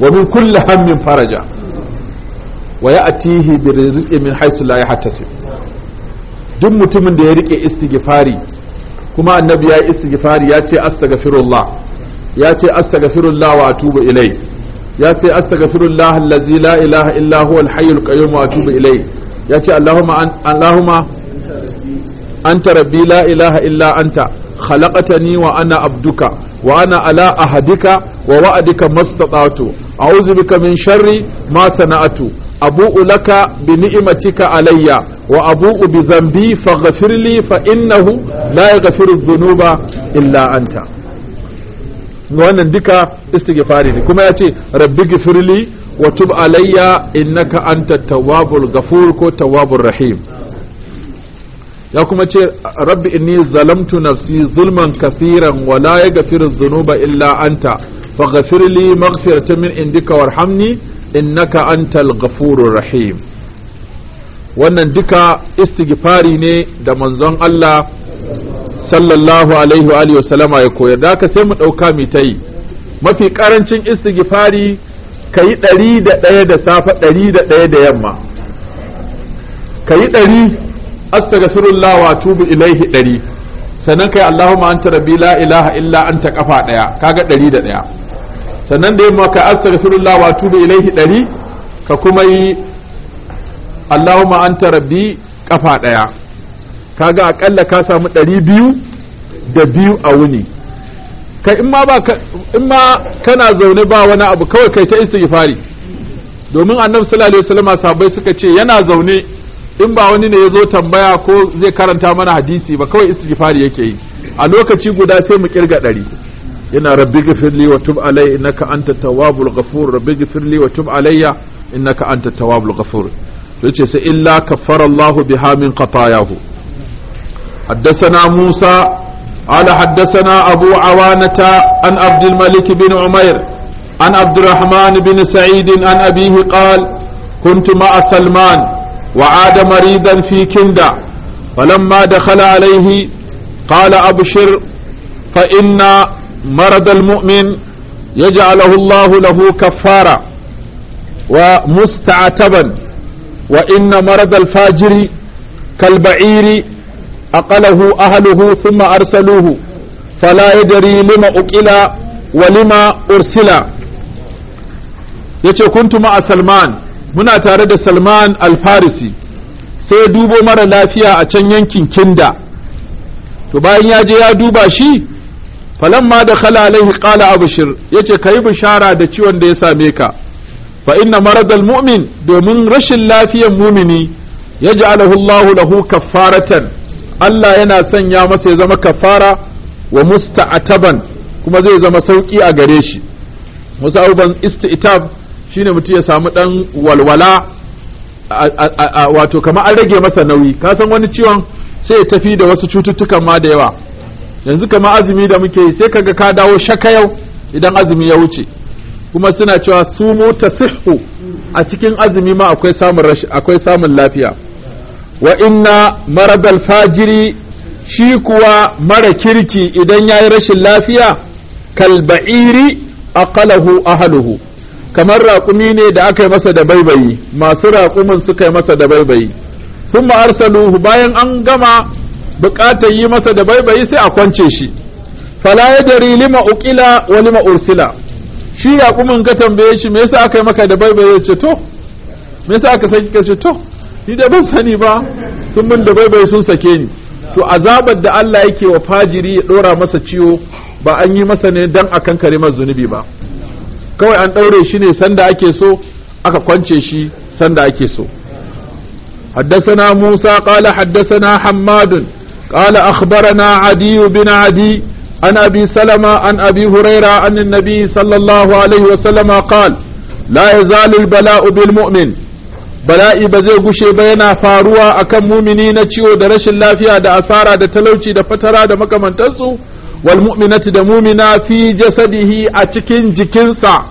wa min kulli hammin faraja wa ya'tihi bi rizqin min haythu la yahtasib duk mutumin da ya rike istighfari kuma annabi ya yi istighfari ya ce astaghfirullah ya ce astaghfirullah wa atubu ilai ya ce astaghfirullah allazi la ilaha illa huwa al-hayyul qayyum wa atubu ilai ya ce allahumma allahumma anta rabbi la ilaha illa anta khalaqatani wa ana abduka wa ana ala ahadika wa wa'adika mastata'tu a'udhu bika min sharri ma sana'atu abu'u laka bi ni'matika alayya wa abu'u bi dhanbi faghfir li fa innahu la yaghfiru dhunuba illa anta wannan duka istighfari ne kuma yace rabbi ghfirli wa tub alayya innaka anta tawwabul ghafur ko tawwabur rahim ya kuma ce rabbi inni zalamtu nafsi zulman kathiran wa la yaghfiru dhunuba illa anta faghfir li maghfiratan min indika warhamni innaka antal ghafurur rahim wannan duka istighfari ne da manzon Allah sallallahu alaihi wa alihi wasallama ya koyar da ka sai mu dauka mu ta'i mafi karancin istighfari kayi ɗari da ɗaya da safe ɗari da da yamma kayi ɗari astaghfirullah wa tubu ilaihi ɗari sannan kai allahumma anta rabbi la ilaha illa anta kafa ɗaya kaga ɗari da ɗaya sannan da yamma kai astaghfirullah wa tubu ilaihi ɗari ka kuma yi allahumma anta rabbi kafa ɗaya kaga akalla ka samu ɗari biyu da biyu a wuni kai in ma kana zaune ba wani abu kawai kai ta istighfari domin annabi sallallahu alaihi wasallam sabai suka ce yana zaune in ba wani ne ya zo tambaya ko zai karanta mana hadisi ba kawai istighfari yake yi a lokaci guda sai mu kirga ɗari ina rabbi gafirli wa tub alayya innaka anta tawwabul ghafur rabbi gafirli wa tub alayya innaka anta tawwabul ghafur to yace sai illa kaffara Allah biha min khatayahu حدثنا musa قال حدثنا أبو عوانة عن عبد الملك بن عمير عن عبد الرحمن bin سعيد an أبيه قال كنت مع سلمان وعاد مريضا في كندا فلما دخل عليه قال أبشر فإن مرض المؤمن يجعله الله له كفارة ومستعتبا وإن مرض الفاجر كالبعير أقله أهله ثم أرسلوه فلا يدري لما أقل ولما أرسل يقول كنت مع سلمان muna tare da salman alfarisi sai dubo mara lafiya a can yankin kinda to bayan ya je ya duba shi falamma da khala alaihi qala abshir yace kai bishara da ciwon da ya same ka fa inna maradal mu'min domin rashin lafiyar mumini ji Allah lahu kaffaratan Allah yana sanya masa ya zama kaffara wa musta'ataban kuma zai zama sauki a gare shi wasu abubuwan isti'tab shine mutum ya samu dan walwala wato kamar an rage masa nauyi ka san wani ciwon sai ya tafi da wasu cututtukan ma da yawa yanzu kamar azumi da muke yi sai kaga ka dawo shaka yau idan azumi ya wuce kuma suna cewa su sumu sihu a cikin azumi ma akwai samun akwai samun lafiya wa inna maradal fajiri shi kuwa mara kirki idan yayi rashin lafiya kalba'iri aqalahu ahluhu kamar raƙumi ne da aka yi masa da baibayi masu raƙumin suka yi masa da baibayi sun arsaluhu bayan an gama buƙatar yi masa da baibayi sai a kwance shi fala ya dari lima uƙila wa lima ursila shi raƙumin ka tambaye shi me yasa aka yi maka da baibayi ce to me yasa aka saki ka ce to ni da ban sani ba sun min da baibayi sun sake ni to azabar da Allah yake wa fajiri ya ɗora masa ciwo ba an yi masa ne dan akan karimar zunubi ba kawai an ɗaure shi ne sanda ake so aka kwance shi sanda ake so حدثنا موسى قال حدثنا حماد قال أخبرنا عدي بن عدي عن أبي سلمة عن أبي هريرة عن النبي صلى الله عليه وسلم قال لا يزال البلاء بالمؤمن bala'i ba zai gushe ba yana faruwa akan mumini na ciwo da rashin lafiya da asara da talauci da fatara da makamantansu wal da mumina fi jasadihi a cikin jikinsa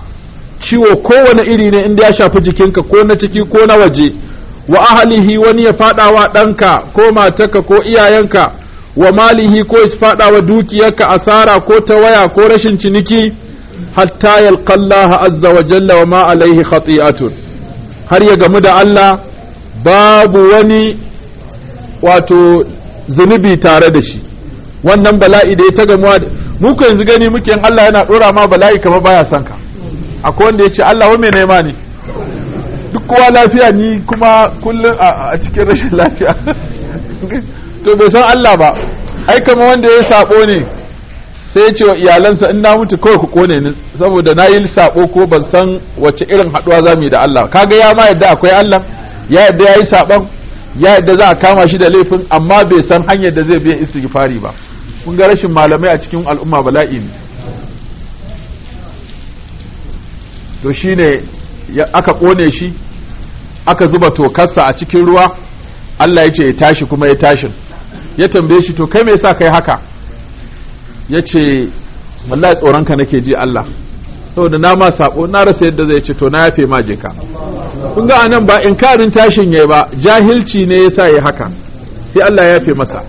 ciwo kowane iri ne inda ya shafi jikinka ko na ciki ko na waje wa ahalihi wani ya fadawa ɗanka ko matarka ko iyayenka wa malihi ko ya fadawa dukiyarka asara ko ta waya ko rashin ciniki hatta yalqallaha azza wa jalla wa ma alaihi khati'atun har ya gamu da Allah babu wani wato zunubi tare da shi wannan bala'i da ya ta gamuwa mu ku yanzu gani muke Allah yana dora ma bala'i kama baya son ka akwai wanda ya ce Allah wa mai nema ne duk kowa lafiya ni kuma kullum a cikin rashin lafiya to bai san Allah ba ai kama wanda ya sabo ne sai ya ce wa iyalansa in na mutu kawai ku kone ni saboda na yi sabo ko ban san wace irin haduwa za mu yi da Allah kaga ya ma yadda akwai Allah ya yadda ya yi saban ya yadda za a kama shi da laifin amma bai san hanyar da zai biya istighfari ba kun ga rashin malamai a cikin al'umma bala'i ne to shine aka kone shi aka zuba tokarsa a cikin ruwa Allah ya ce ya tashi kuma ya tashi ya tambaye shi to kai mai sa kai haka ya ce wallahi tsoronka nake ji Allah saboda na ma sabo na rasa yadda zai ce to na yafe ma je ka kun ga anan ba in inkarin tashin yayi ba jahilci ne ya yasa yayi haka sai Allah ya yafe masa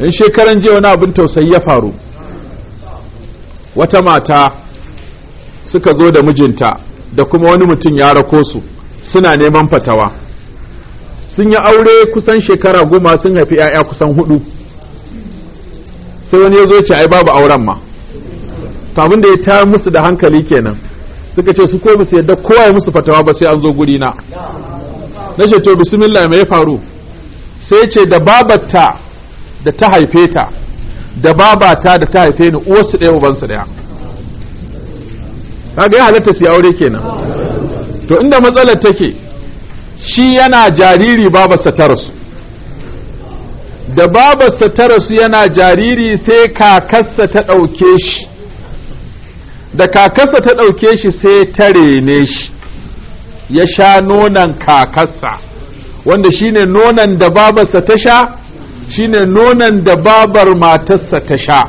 in shekaran jiya wani abin tausayi ya faru wata mata suka zo da mijinta da kuma wani mutum ya rako su suna neman fatawa sun yi aure kusan shekara goma sun haifi 'ya'ya kusan hudu sai wani ya zo ce ai babu auren ma tamun da ya ta musu da hankali kenan suka ce su ko musu yadda kowa ya musu fatawa ba sai an zo guri na na ce to bismillah mai faru sai ce da babatta da ta haife ta da babata da ta haife ni uwarsu ɗaya ubansu ɗaya kaga ya halatta su aure kenan to inda matsalar take shi yana jariri babarsa ta rasu da babarsa ta rasu yana jariri sai kakarsa ta ɗauke shi da kakarsa ta ɗauke shi sai ta rene shi ya sha nonon kakarsa wanda shine nonon da babarsa ta sha shine nonon da babar matarsa ta sha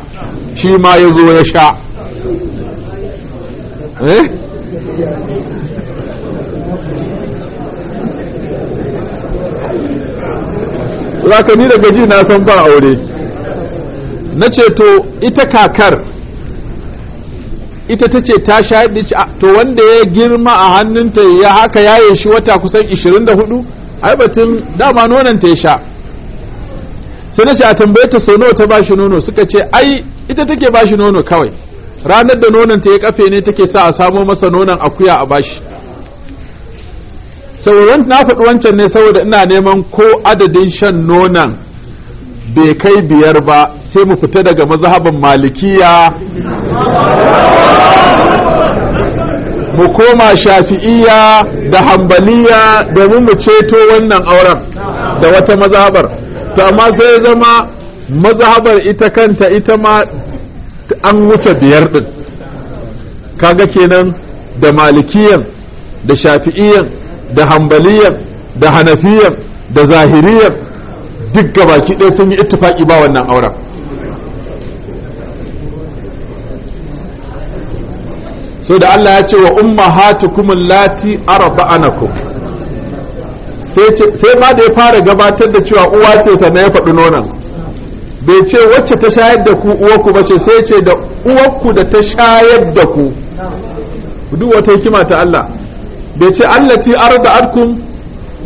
shi ma ya zo ya sha eh? zaka ni daga ji na san ba aure na ce to ita kakar ita ta ce ta sha ah, to wanda ya girma a hannunta ya haka yaye shi wata kusan 24 ai batun dama nonanta ya sha sai na ce a tambaye ta sau nawa ta bashi nono suka ce ai ita take bashi nono kawai ranar da nonon ta ya kafe ne take sa a samo masa nonon akuya a bashi sauran na faɗi wancan ne saboda ina neman ko adadin shan nonon bai kai biyar ba sai mu fita daga mazhaban malikiya mu koma shafi'iya da hambaliya domin mu ceto wannan auren da wata mazhabar to amma sai zama mazhabar ita kanta ita ma an wuce biyar din kaga kenan da malikiyan da shafi'iyan da hambaliyan da hanafiyan da zahiriyan duk gabaki ɗaya sun yi ittifaki ba wannan auren so da Allah ya ce wa ummahatukum lati arba'anakum sai ma da ya fara gabatar da cewa uwa ce sannan ya faɗi nonon bai ce wacce ta shayar da ku uwarku ba ce sai ce da uwarku da ta shayar da ku duk wata hikima ta Allah bai ce Allah da arda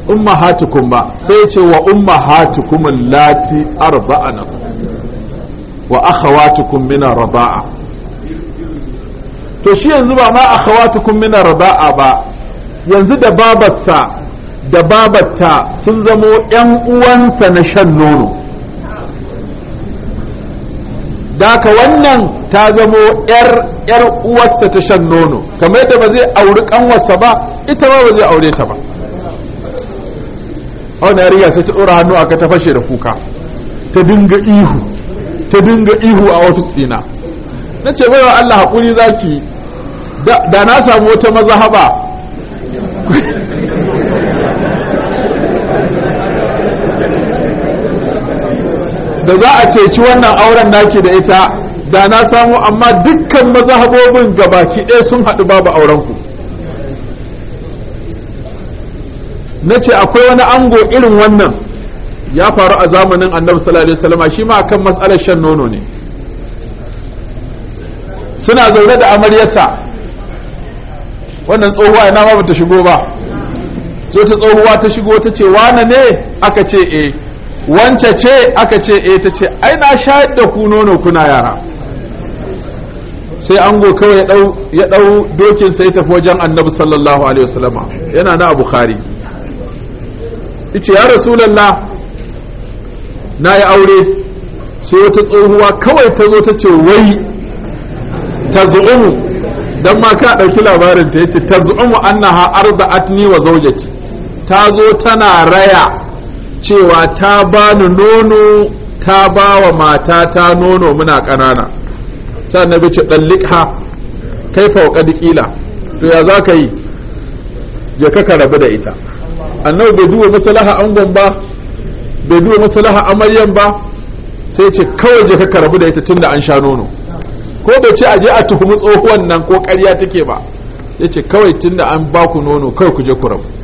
umma hatukum ba sai ce wa umma hatukum lati arba'anakum wa akhawatukum min arba'a to shi yanzu ba ma akhawatukum min arba'a ba yanzu da babarsa da babarta sun zamo 'yan uwansa na shan nono daka wannan ta zamo 'yar uwarsa ta shan nono kamar yadda ba zai auri ƙanwarsa ba ita ba ba zai aure ta ba wani yariya sai ta ɗora hannu aka ta fashe da kuka ta dinga ihu ta dinga ihu a ofis tsina na ce baiwa Allah haƙuri zaki da na samu wata mazahaba da za a ceci wannan auren naki da ita da na samu amma dukkan mazhabobin gabaki ɗaya sun haɗu babu auren ku na ce akwai wani ango irin wannan ya faru a zamanin annabi sallallahu alaihi shi ma akan matsalar shan nono ne suna zaune da amaryarsa wannan tsohuwa ina ma bata shigo ba sai ta tsohuwa ta shigo ta ce wane ne aka ce eh wance ce aka ce e ta ce ai na shayar da ku nono kuna yara sai ango kawai ya ɗau dokin sai tafi wajen annabi sallallahu alaihi wasallama yana na bukhari ice ya rasulullah na yi aure sai wata tsohuwa kawai ta zo ta ce wai ta zu'umu don ma ka ɗauki labarin ta yace ta zu'umu annaha arda atni wa zawjati ta zo tana raya cewa ta bani nono ta ba wa matata nono muna ƙanana sai annabi ce ɗallikha kai fa wa to ya za ka yi je ka rabu da ita annabi bai duba maslaha angon ba bai duba maslaha amaryan ba sai ce kawai je ka rabu da ita da an sha nono ko bai ce aje a tuhumi tsohuwan nan ko ƙarya take ba yace kawai tun da an baku nono kawai ku je ku rabu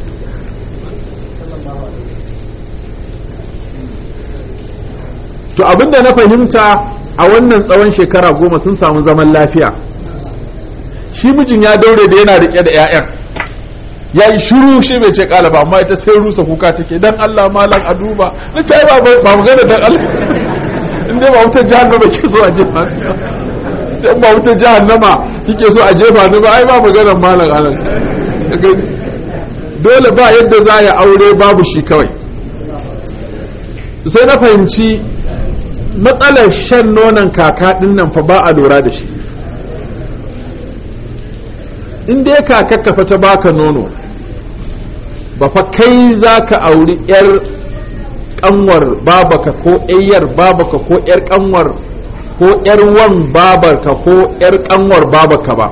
to abinda na fahimta a wannan tsawon shekara goma sun samu zaman lafiya shi mijin ya daure da yana rike da 'ya'yan ya yi shiru shi bai ce kalaba amma ita sai rusa kuka take dan Allah malam a duba na ce ba ba magana dan Allah in ba wuta jahannama kike so a jefa ta ba wuta jahannama kike so a jefa ne ba ai ba maganar malam anan dole ba yadda za ya aure babu shi kawai sai na fahimci matsalar shan nonon kaka din nan fa ba a lura da shi in dai kaka fa ta baka nono ba fa kai za ka auri 'yar ƙanwar babaka ko 'yar babaka ko 'yar kanwar ko 'yar wan babarka ko 'yar kanwar babaka ba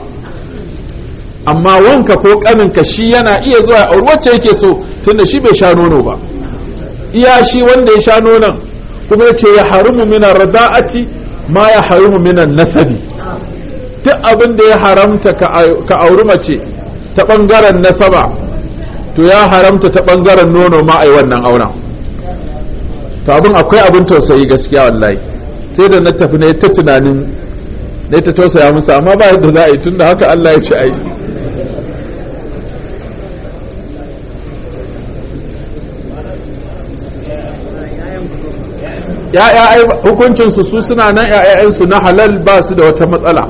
amma wanka ko ƙaninka shi yana iya zuwa auri wacce yake so tunda shi bai sha nono ba iya shi wanda ya sha nonon kuma ya ce ya harumu mina rada'ati ma ya harumu minan nasabi duk abin da ya haramta ka auri mace ta ɓangaren nasaba to ya haramta ta bangaren nono ma a yi wannan auna to abin akwai abin tausayi gaskiya wallahi sai da na tafi na ta tunanin na ta tausaya musu amma ba yadda za a yi tun da haka Allah ya ce a yi ya'ya hukuncinsu su suna nan ya'ya'yan na halal ba su da wata matsala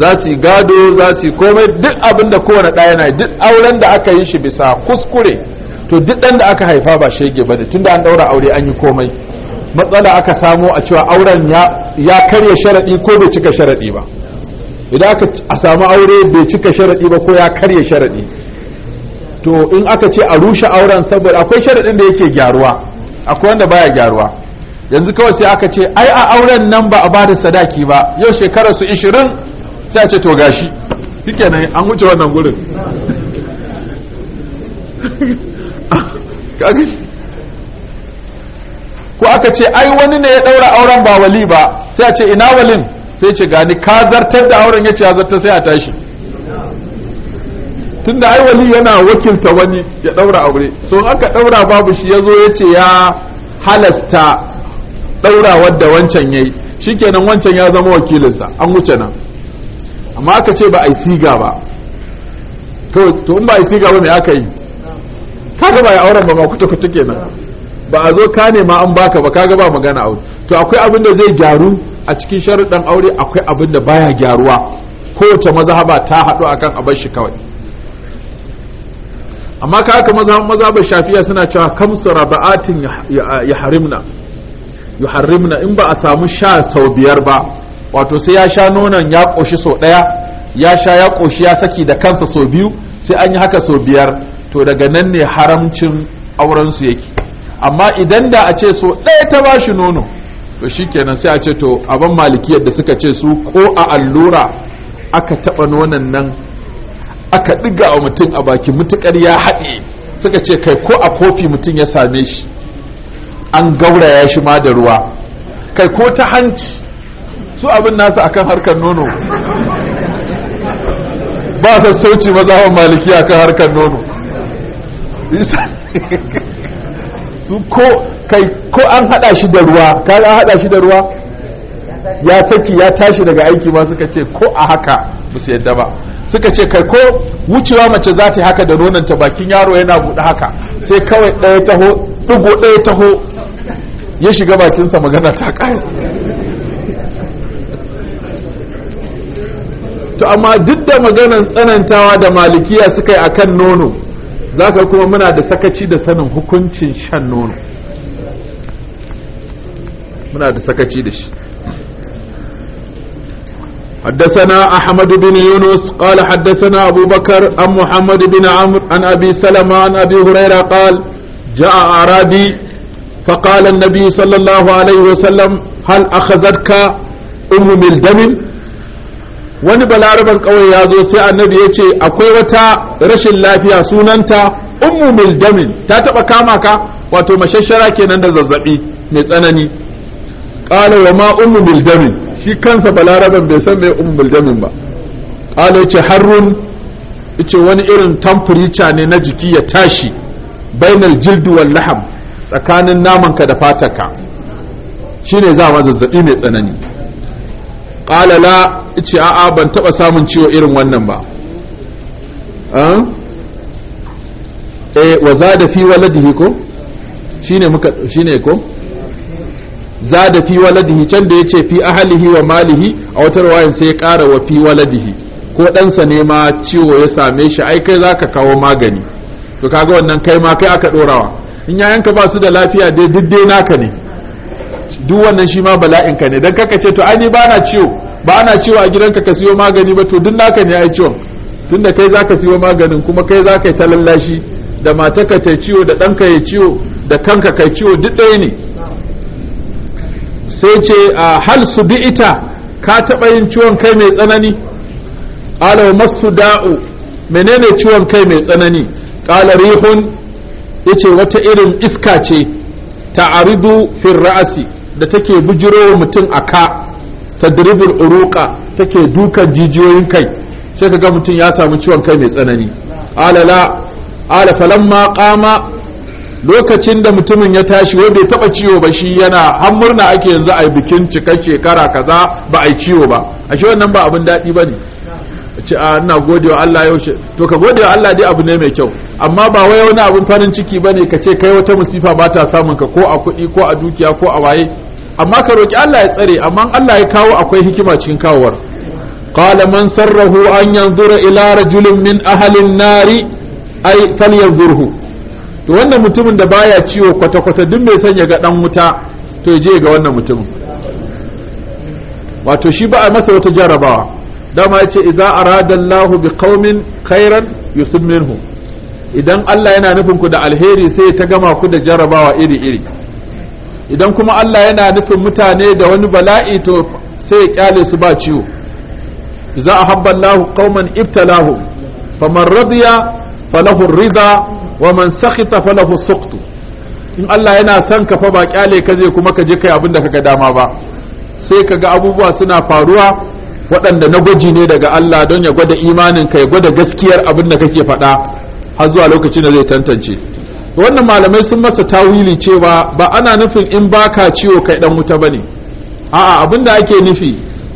za su gado za su komai duk abin da kowane ɗaya yana duk auren da aka yi shi bisa kuskure to duk ɗan da aka haifa ba shege tun da an ɗaura aure an yi komai matsala aka samo a cewa auren ya karya sharaɗi ko bai cika sharaɗi ba idan aka a samu aure bai cika sharaɗi ba ko ya karya sharaɗi to in aka ce a rushe auren saboda akwai sharaɗin da yake gyaruwa akwai wanda baya gyaruwa yanzu kawai sai aka ce ai a auren nan ba a ba da sadaki ba yau shekarar su 20 sai a ce to gashi shikenan an wuce wannan gurin ko aka ce ai wani ne ya daura auren ba wali ba sai a ce ina walin sai ce gani ka zartar da auren yace ya zartar sai a tashi tunda ai wali yana wakilta wani ya daura aure so aka daura babu shi ya zo ya halasta ɗaurawar da wancan ya yi shikenan wancan ya zama wakilinsa an wuce nan amma aka ce ba a yi siga ba to in ba a yi siga ba me aka yi kaga ba ya auren ba ma kuta kuta kenan ba a zo ka nema an baka ba kaga ba magana aure to akwai abin da zai gyaru a cikin sharuɗan aure akwai abin da baya gyaruwa kowace mazhaba ta haɗu akan a bar shi kawai amma ka haka mazhaban mazhaban shafiya suna cewa kamsu raba'atin ya harimna yuharrimna in ba a samu sha sau biyar ba wato sai ya sha nonon ya koshi sau daya ya sha ya koshi ya saki da kansa sau biyu sai an yi haka sau biyar to daga nan ne haramcin auren su yake amma idan da a ce so ɗaya ta bashi nono to shikenan sai a ce to abin malikiyar da suka ce su ko a allura aka taba nonon nan aka diga wa mutum a baki mutukar ya haɗe suka ce kai ko a kofi mutum ya same shi an gauraya shi ma da ruwa kai ko ta hanci su abin nasu akan harkar nono ba sassauci mazhaban maliki akan harkar nono su ko kai ko an hada shi da ruwa ka an hada shi da ruwa ya saki ya tashi daga aiki ma suka ce ko a haka ba yadda ba suka ce kai ko wucewa mace za ta haka da nonanta bakin yaro yana buɗe haka sai kawai ɗaya taho ɗigo ɗaya taho ya shiga bakinsa magana ta ƙare to amma duk da maganan tsanantawa da malikiya suka yi a kan nono za ka kuma muna da sakaci da sanin hukuncin shan nono muna da sakaci da shi حدثنا أحمد بن يونس قال حدثنا أبو بكر أم محمد بن عمرو عن أبي سلمة عن أبي هريرة قال جاء أعرابي فقال النبي صلى الله عليه وسلم هل أخذتك أم الدم wani balaraban kawai ya zo sai annabi ya ce akwai wata rashin lafiya sunanta ummu mildamin ta taba kama ka wato mashashara kenan da zazzabi mai tsanani qala wa ma ummu mildamin shi kansa balaraban bai san mai ummu mildamin ba qala ya ce harrun ce wani irin temperature ne na jiki ya tashi bainal jildu wal laham tsakanin namanka da fatarka shine za ma zazzabi mai tsanani Ƙalala la ce a'a ban taɓa samun ciwo irin wannan ba eh wa da fi waladihi ko shine muka shine ko da fi waladihi can da ya ce fi ahalihi wa malihi a wata wayan sai ya ƙara wa fi waladihi ko ɗansa ne ma ciwo ya same shi ai kai za ka kawo magani to kaga wannan kai ma kai aka ɗorawa. in yayanka ba su da lafiya dai duk dai naka ne duk wannan shi ma bala'in ka ne dan kaka ce to ai bana ba na ciwo ba na ciwo a gidanka ka siyo magani ba to duk naka ne ai ciwon tunda kai zaka siyo maganin kuma kai zaka yi ta lallashi da mataka ta ciwo da ɗanka ya ciwo da kanka kai ciwo duk ɗaya ne sai ce a hal su bi ita ka taɓa yin ciwon kai mai tsanani alaw masu da'u menene ciwon kai mai tsanani ƙala rihun yace wata irin iska ce ta aridu fin ra'asi da take bujiro mutum a ka tadribul uruqa take dukan jijiyoyin kai sai ka ga mutum ya samu ciwon kai mai tsanani alala ala falamma qama lokacin da mutumin ya tashi wai bai taba ciwo ba shi yana har murna ake yanzu a bikin cika shekara kaza ba a ciwo ba a shi wannan ba abin daɗi ba ne ce a ah, ina gode wa Allah yau to ka gode wa Allah dai abu ne mai kyau amma ba wai wani abin farin ciki bane ka ce kai wata musifa ba ta samun ka ko a kuɗi ko a dukiya ko a waye amma ka roki Allah ya tsare amma Allah ya kawo akwai hikima cikin kawowar qala man sarrahu an yanzura ila rajulin min ahalin nari ay falyanzurhu to wannan mutumin da baya ciwo kwata kwata duk mai sanya ga dan wuta to je ga wannan mutumin wato shi ba a masa wata jarabawa dama yace idza arada Allahu bi qaumin khairan yusminhu idan Allah yana nufin ku da alheri sai ta gama ku da jarabawa iri-iri idan kuma Allah yana nufin mutane da wani bala'i to sai ya kyale su ba ciwo za a habba Allahu ibtalahu faman radiya falahu rida wa man sakhita falahu suqtu in Allah yana son ka fa ba kyale ka zai kuma ka je kai abin da kaga dama ba sai kaga abubuwa suna faruwa waɗanda na gwaji ne daga Allah don ya gwada imanin ka ya gwada gaskiyar abin da kake faɗa har zuwa lokacin da zai tantance wannan malamai sun masa tawili cewa ba ana nufin in baka ciwo kai dan wuta bane a'a abinda ake nufi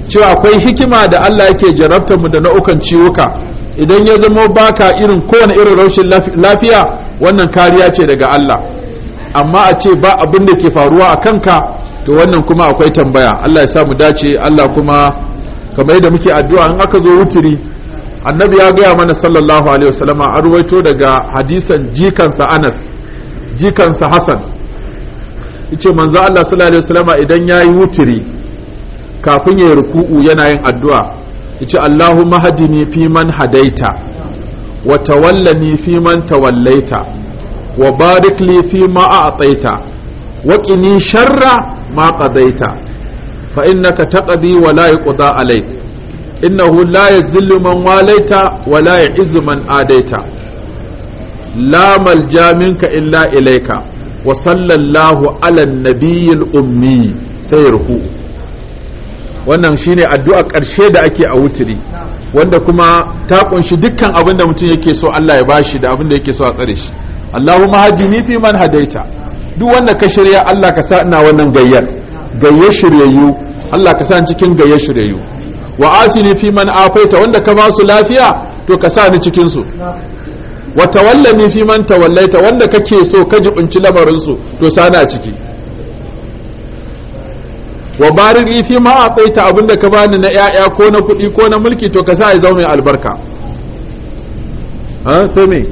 cewa akwai hikima da Allah yake jarabta mu da nau'ukan ciwuka idan ya zama baka irin kowane irin rashin lafiya wannan kariya ce daga Allah amma a ce ba abin da ke faruwa a kanka to wannan kuma akwai tambaya Allah ya sa mu dace Allah kuma kamar yadda muke addu'a in aka zo wuturi annabi ya gaya mana sallallahu alaihi wasallama a ruwaito daga hadisan jikansa anas jikansa hasan yace manzo Allah sallallahu alaihi wasallama idan yayi wutiri kafin ya ruku'u yana yin addu'a yace Allahumma hadini fi man hadaita wa tawallani fi man tawallaita wa barik li fi ma a'taita wa qini sharra ma qadaita fa innaka taqdi wa la yuqda alayka innahu la zillu man walaita wa la izu man adaita la mal jaminka illa ilaika wa sallallahu ala nabiyil ummi sai ruhu wannan shine addu'a ƙarshe da ake a wuturi. wanda kuma ta kunshi dukkan abinda mutum yake so Allah ya bashi da abin yake so a tsare shi Allahumma hadini fi man hadaita duk wanda ka shirya Allah ka sa ina wannan gayyar gayyar shiryayyu Allah ka sa cikin gayyar shiryayyu wa afini fi man afaita wanda ka ba su lafiya to ka sa ni cikin su wa tawallani fi man tawallaita wanda kake so ka jibinci lamarin su to sana ciki wa bariri fi ma afaita abinda ka bani na yaya ko na kuɗi ko na mulki to ka sa ya zama mai albarka ha sai me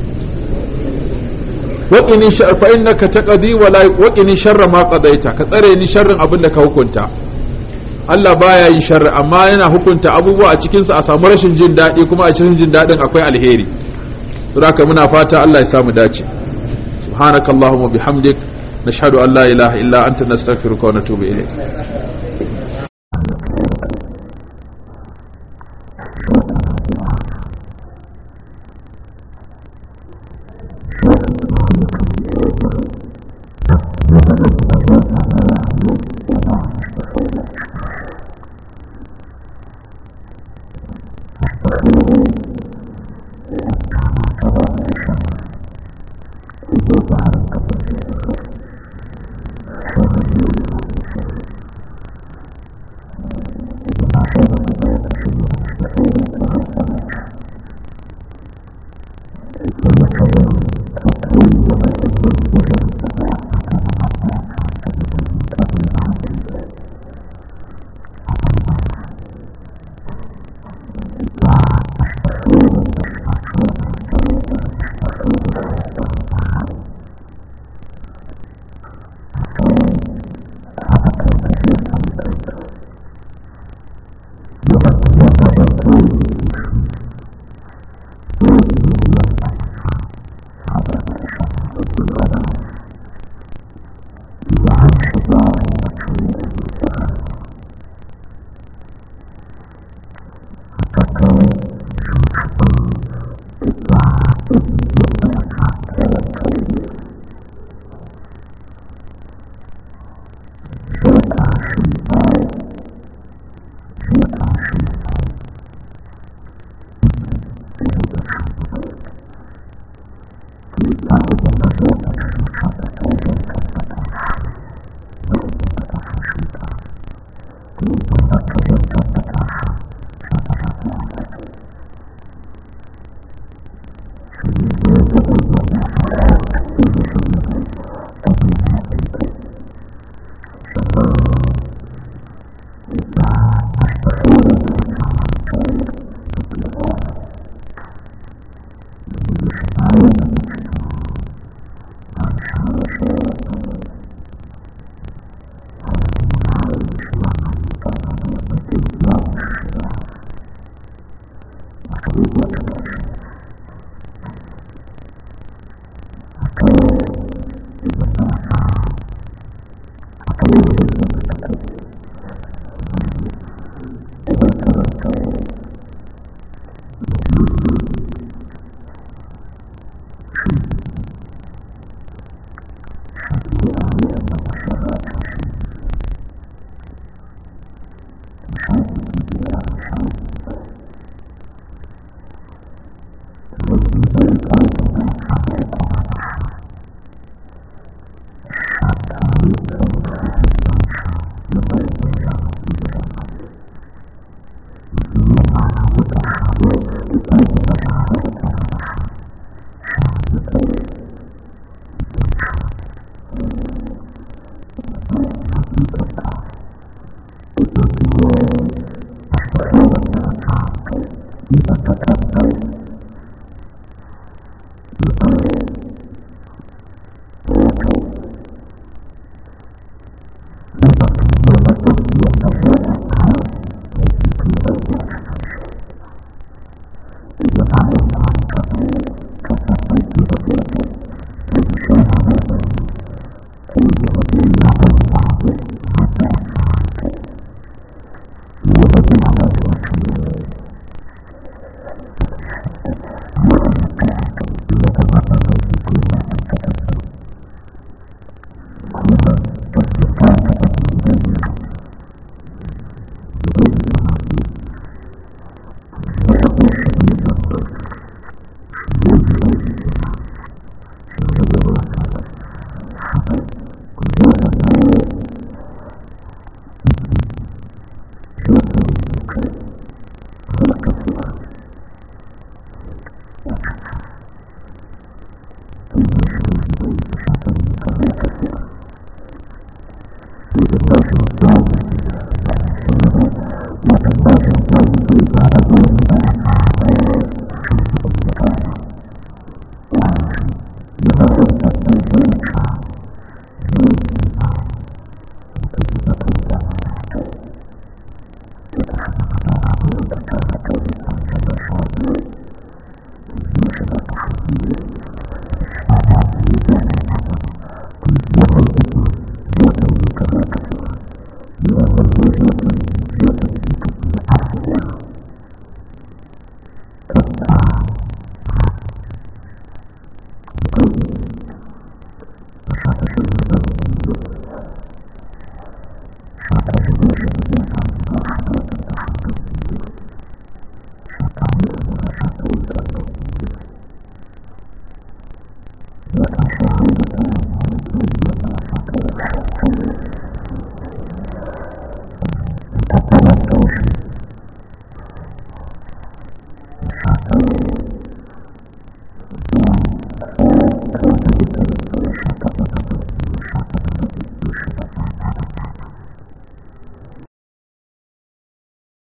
waƙini sharfa naka ta ƙadi wa waƙini sharra ma ƙadaita ka tsare ni sharrin abin da ka hukunta Allah baya yin sharri amma yana hukunta abubuwa a cikinsa a samu rashin jin daɗi kuma a cikin jin daɗin akwai alheri saboda muna fata Allah ya samu dace subhanakallahumma bihamdik nashhadu an la ilaha illa anta nastaghfiruka wa natubu ilayk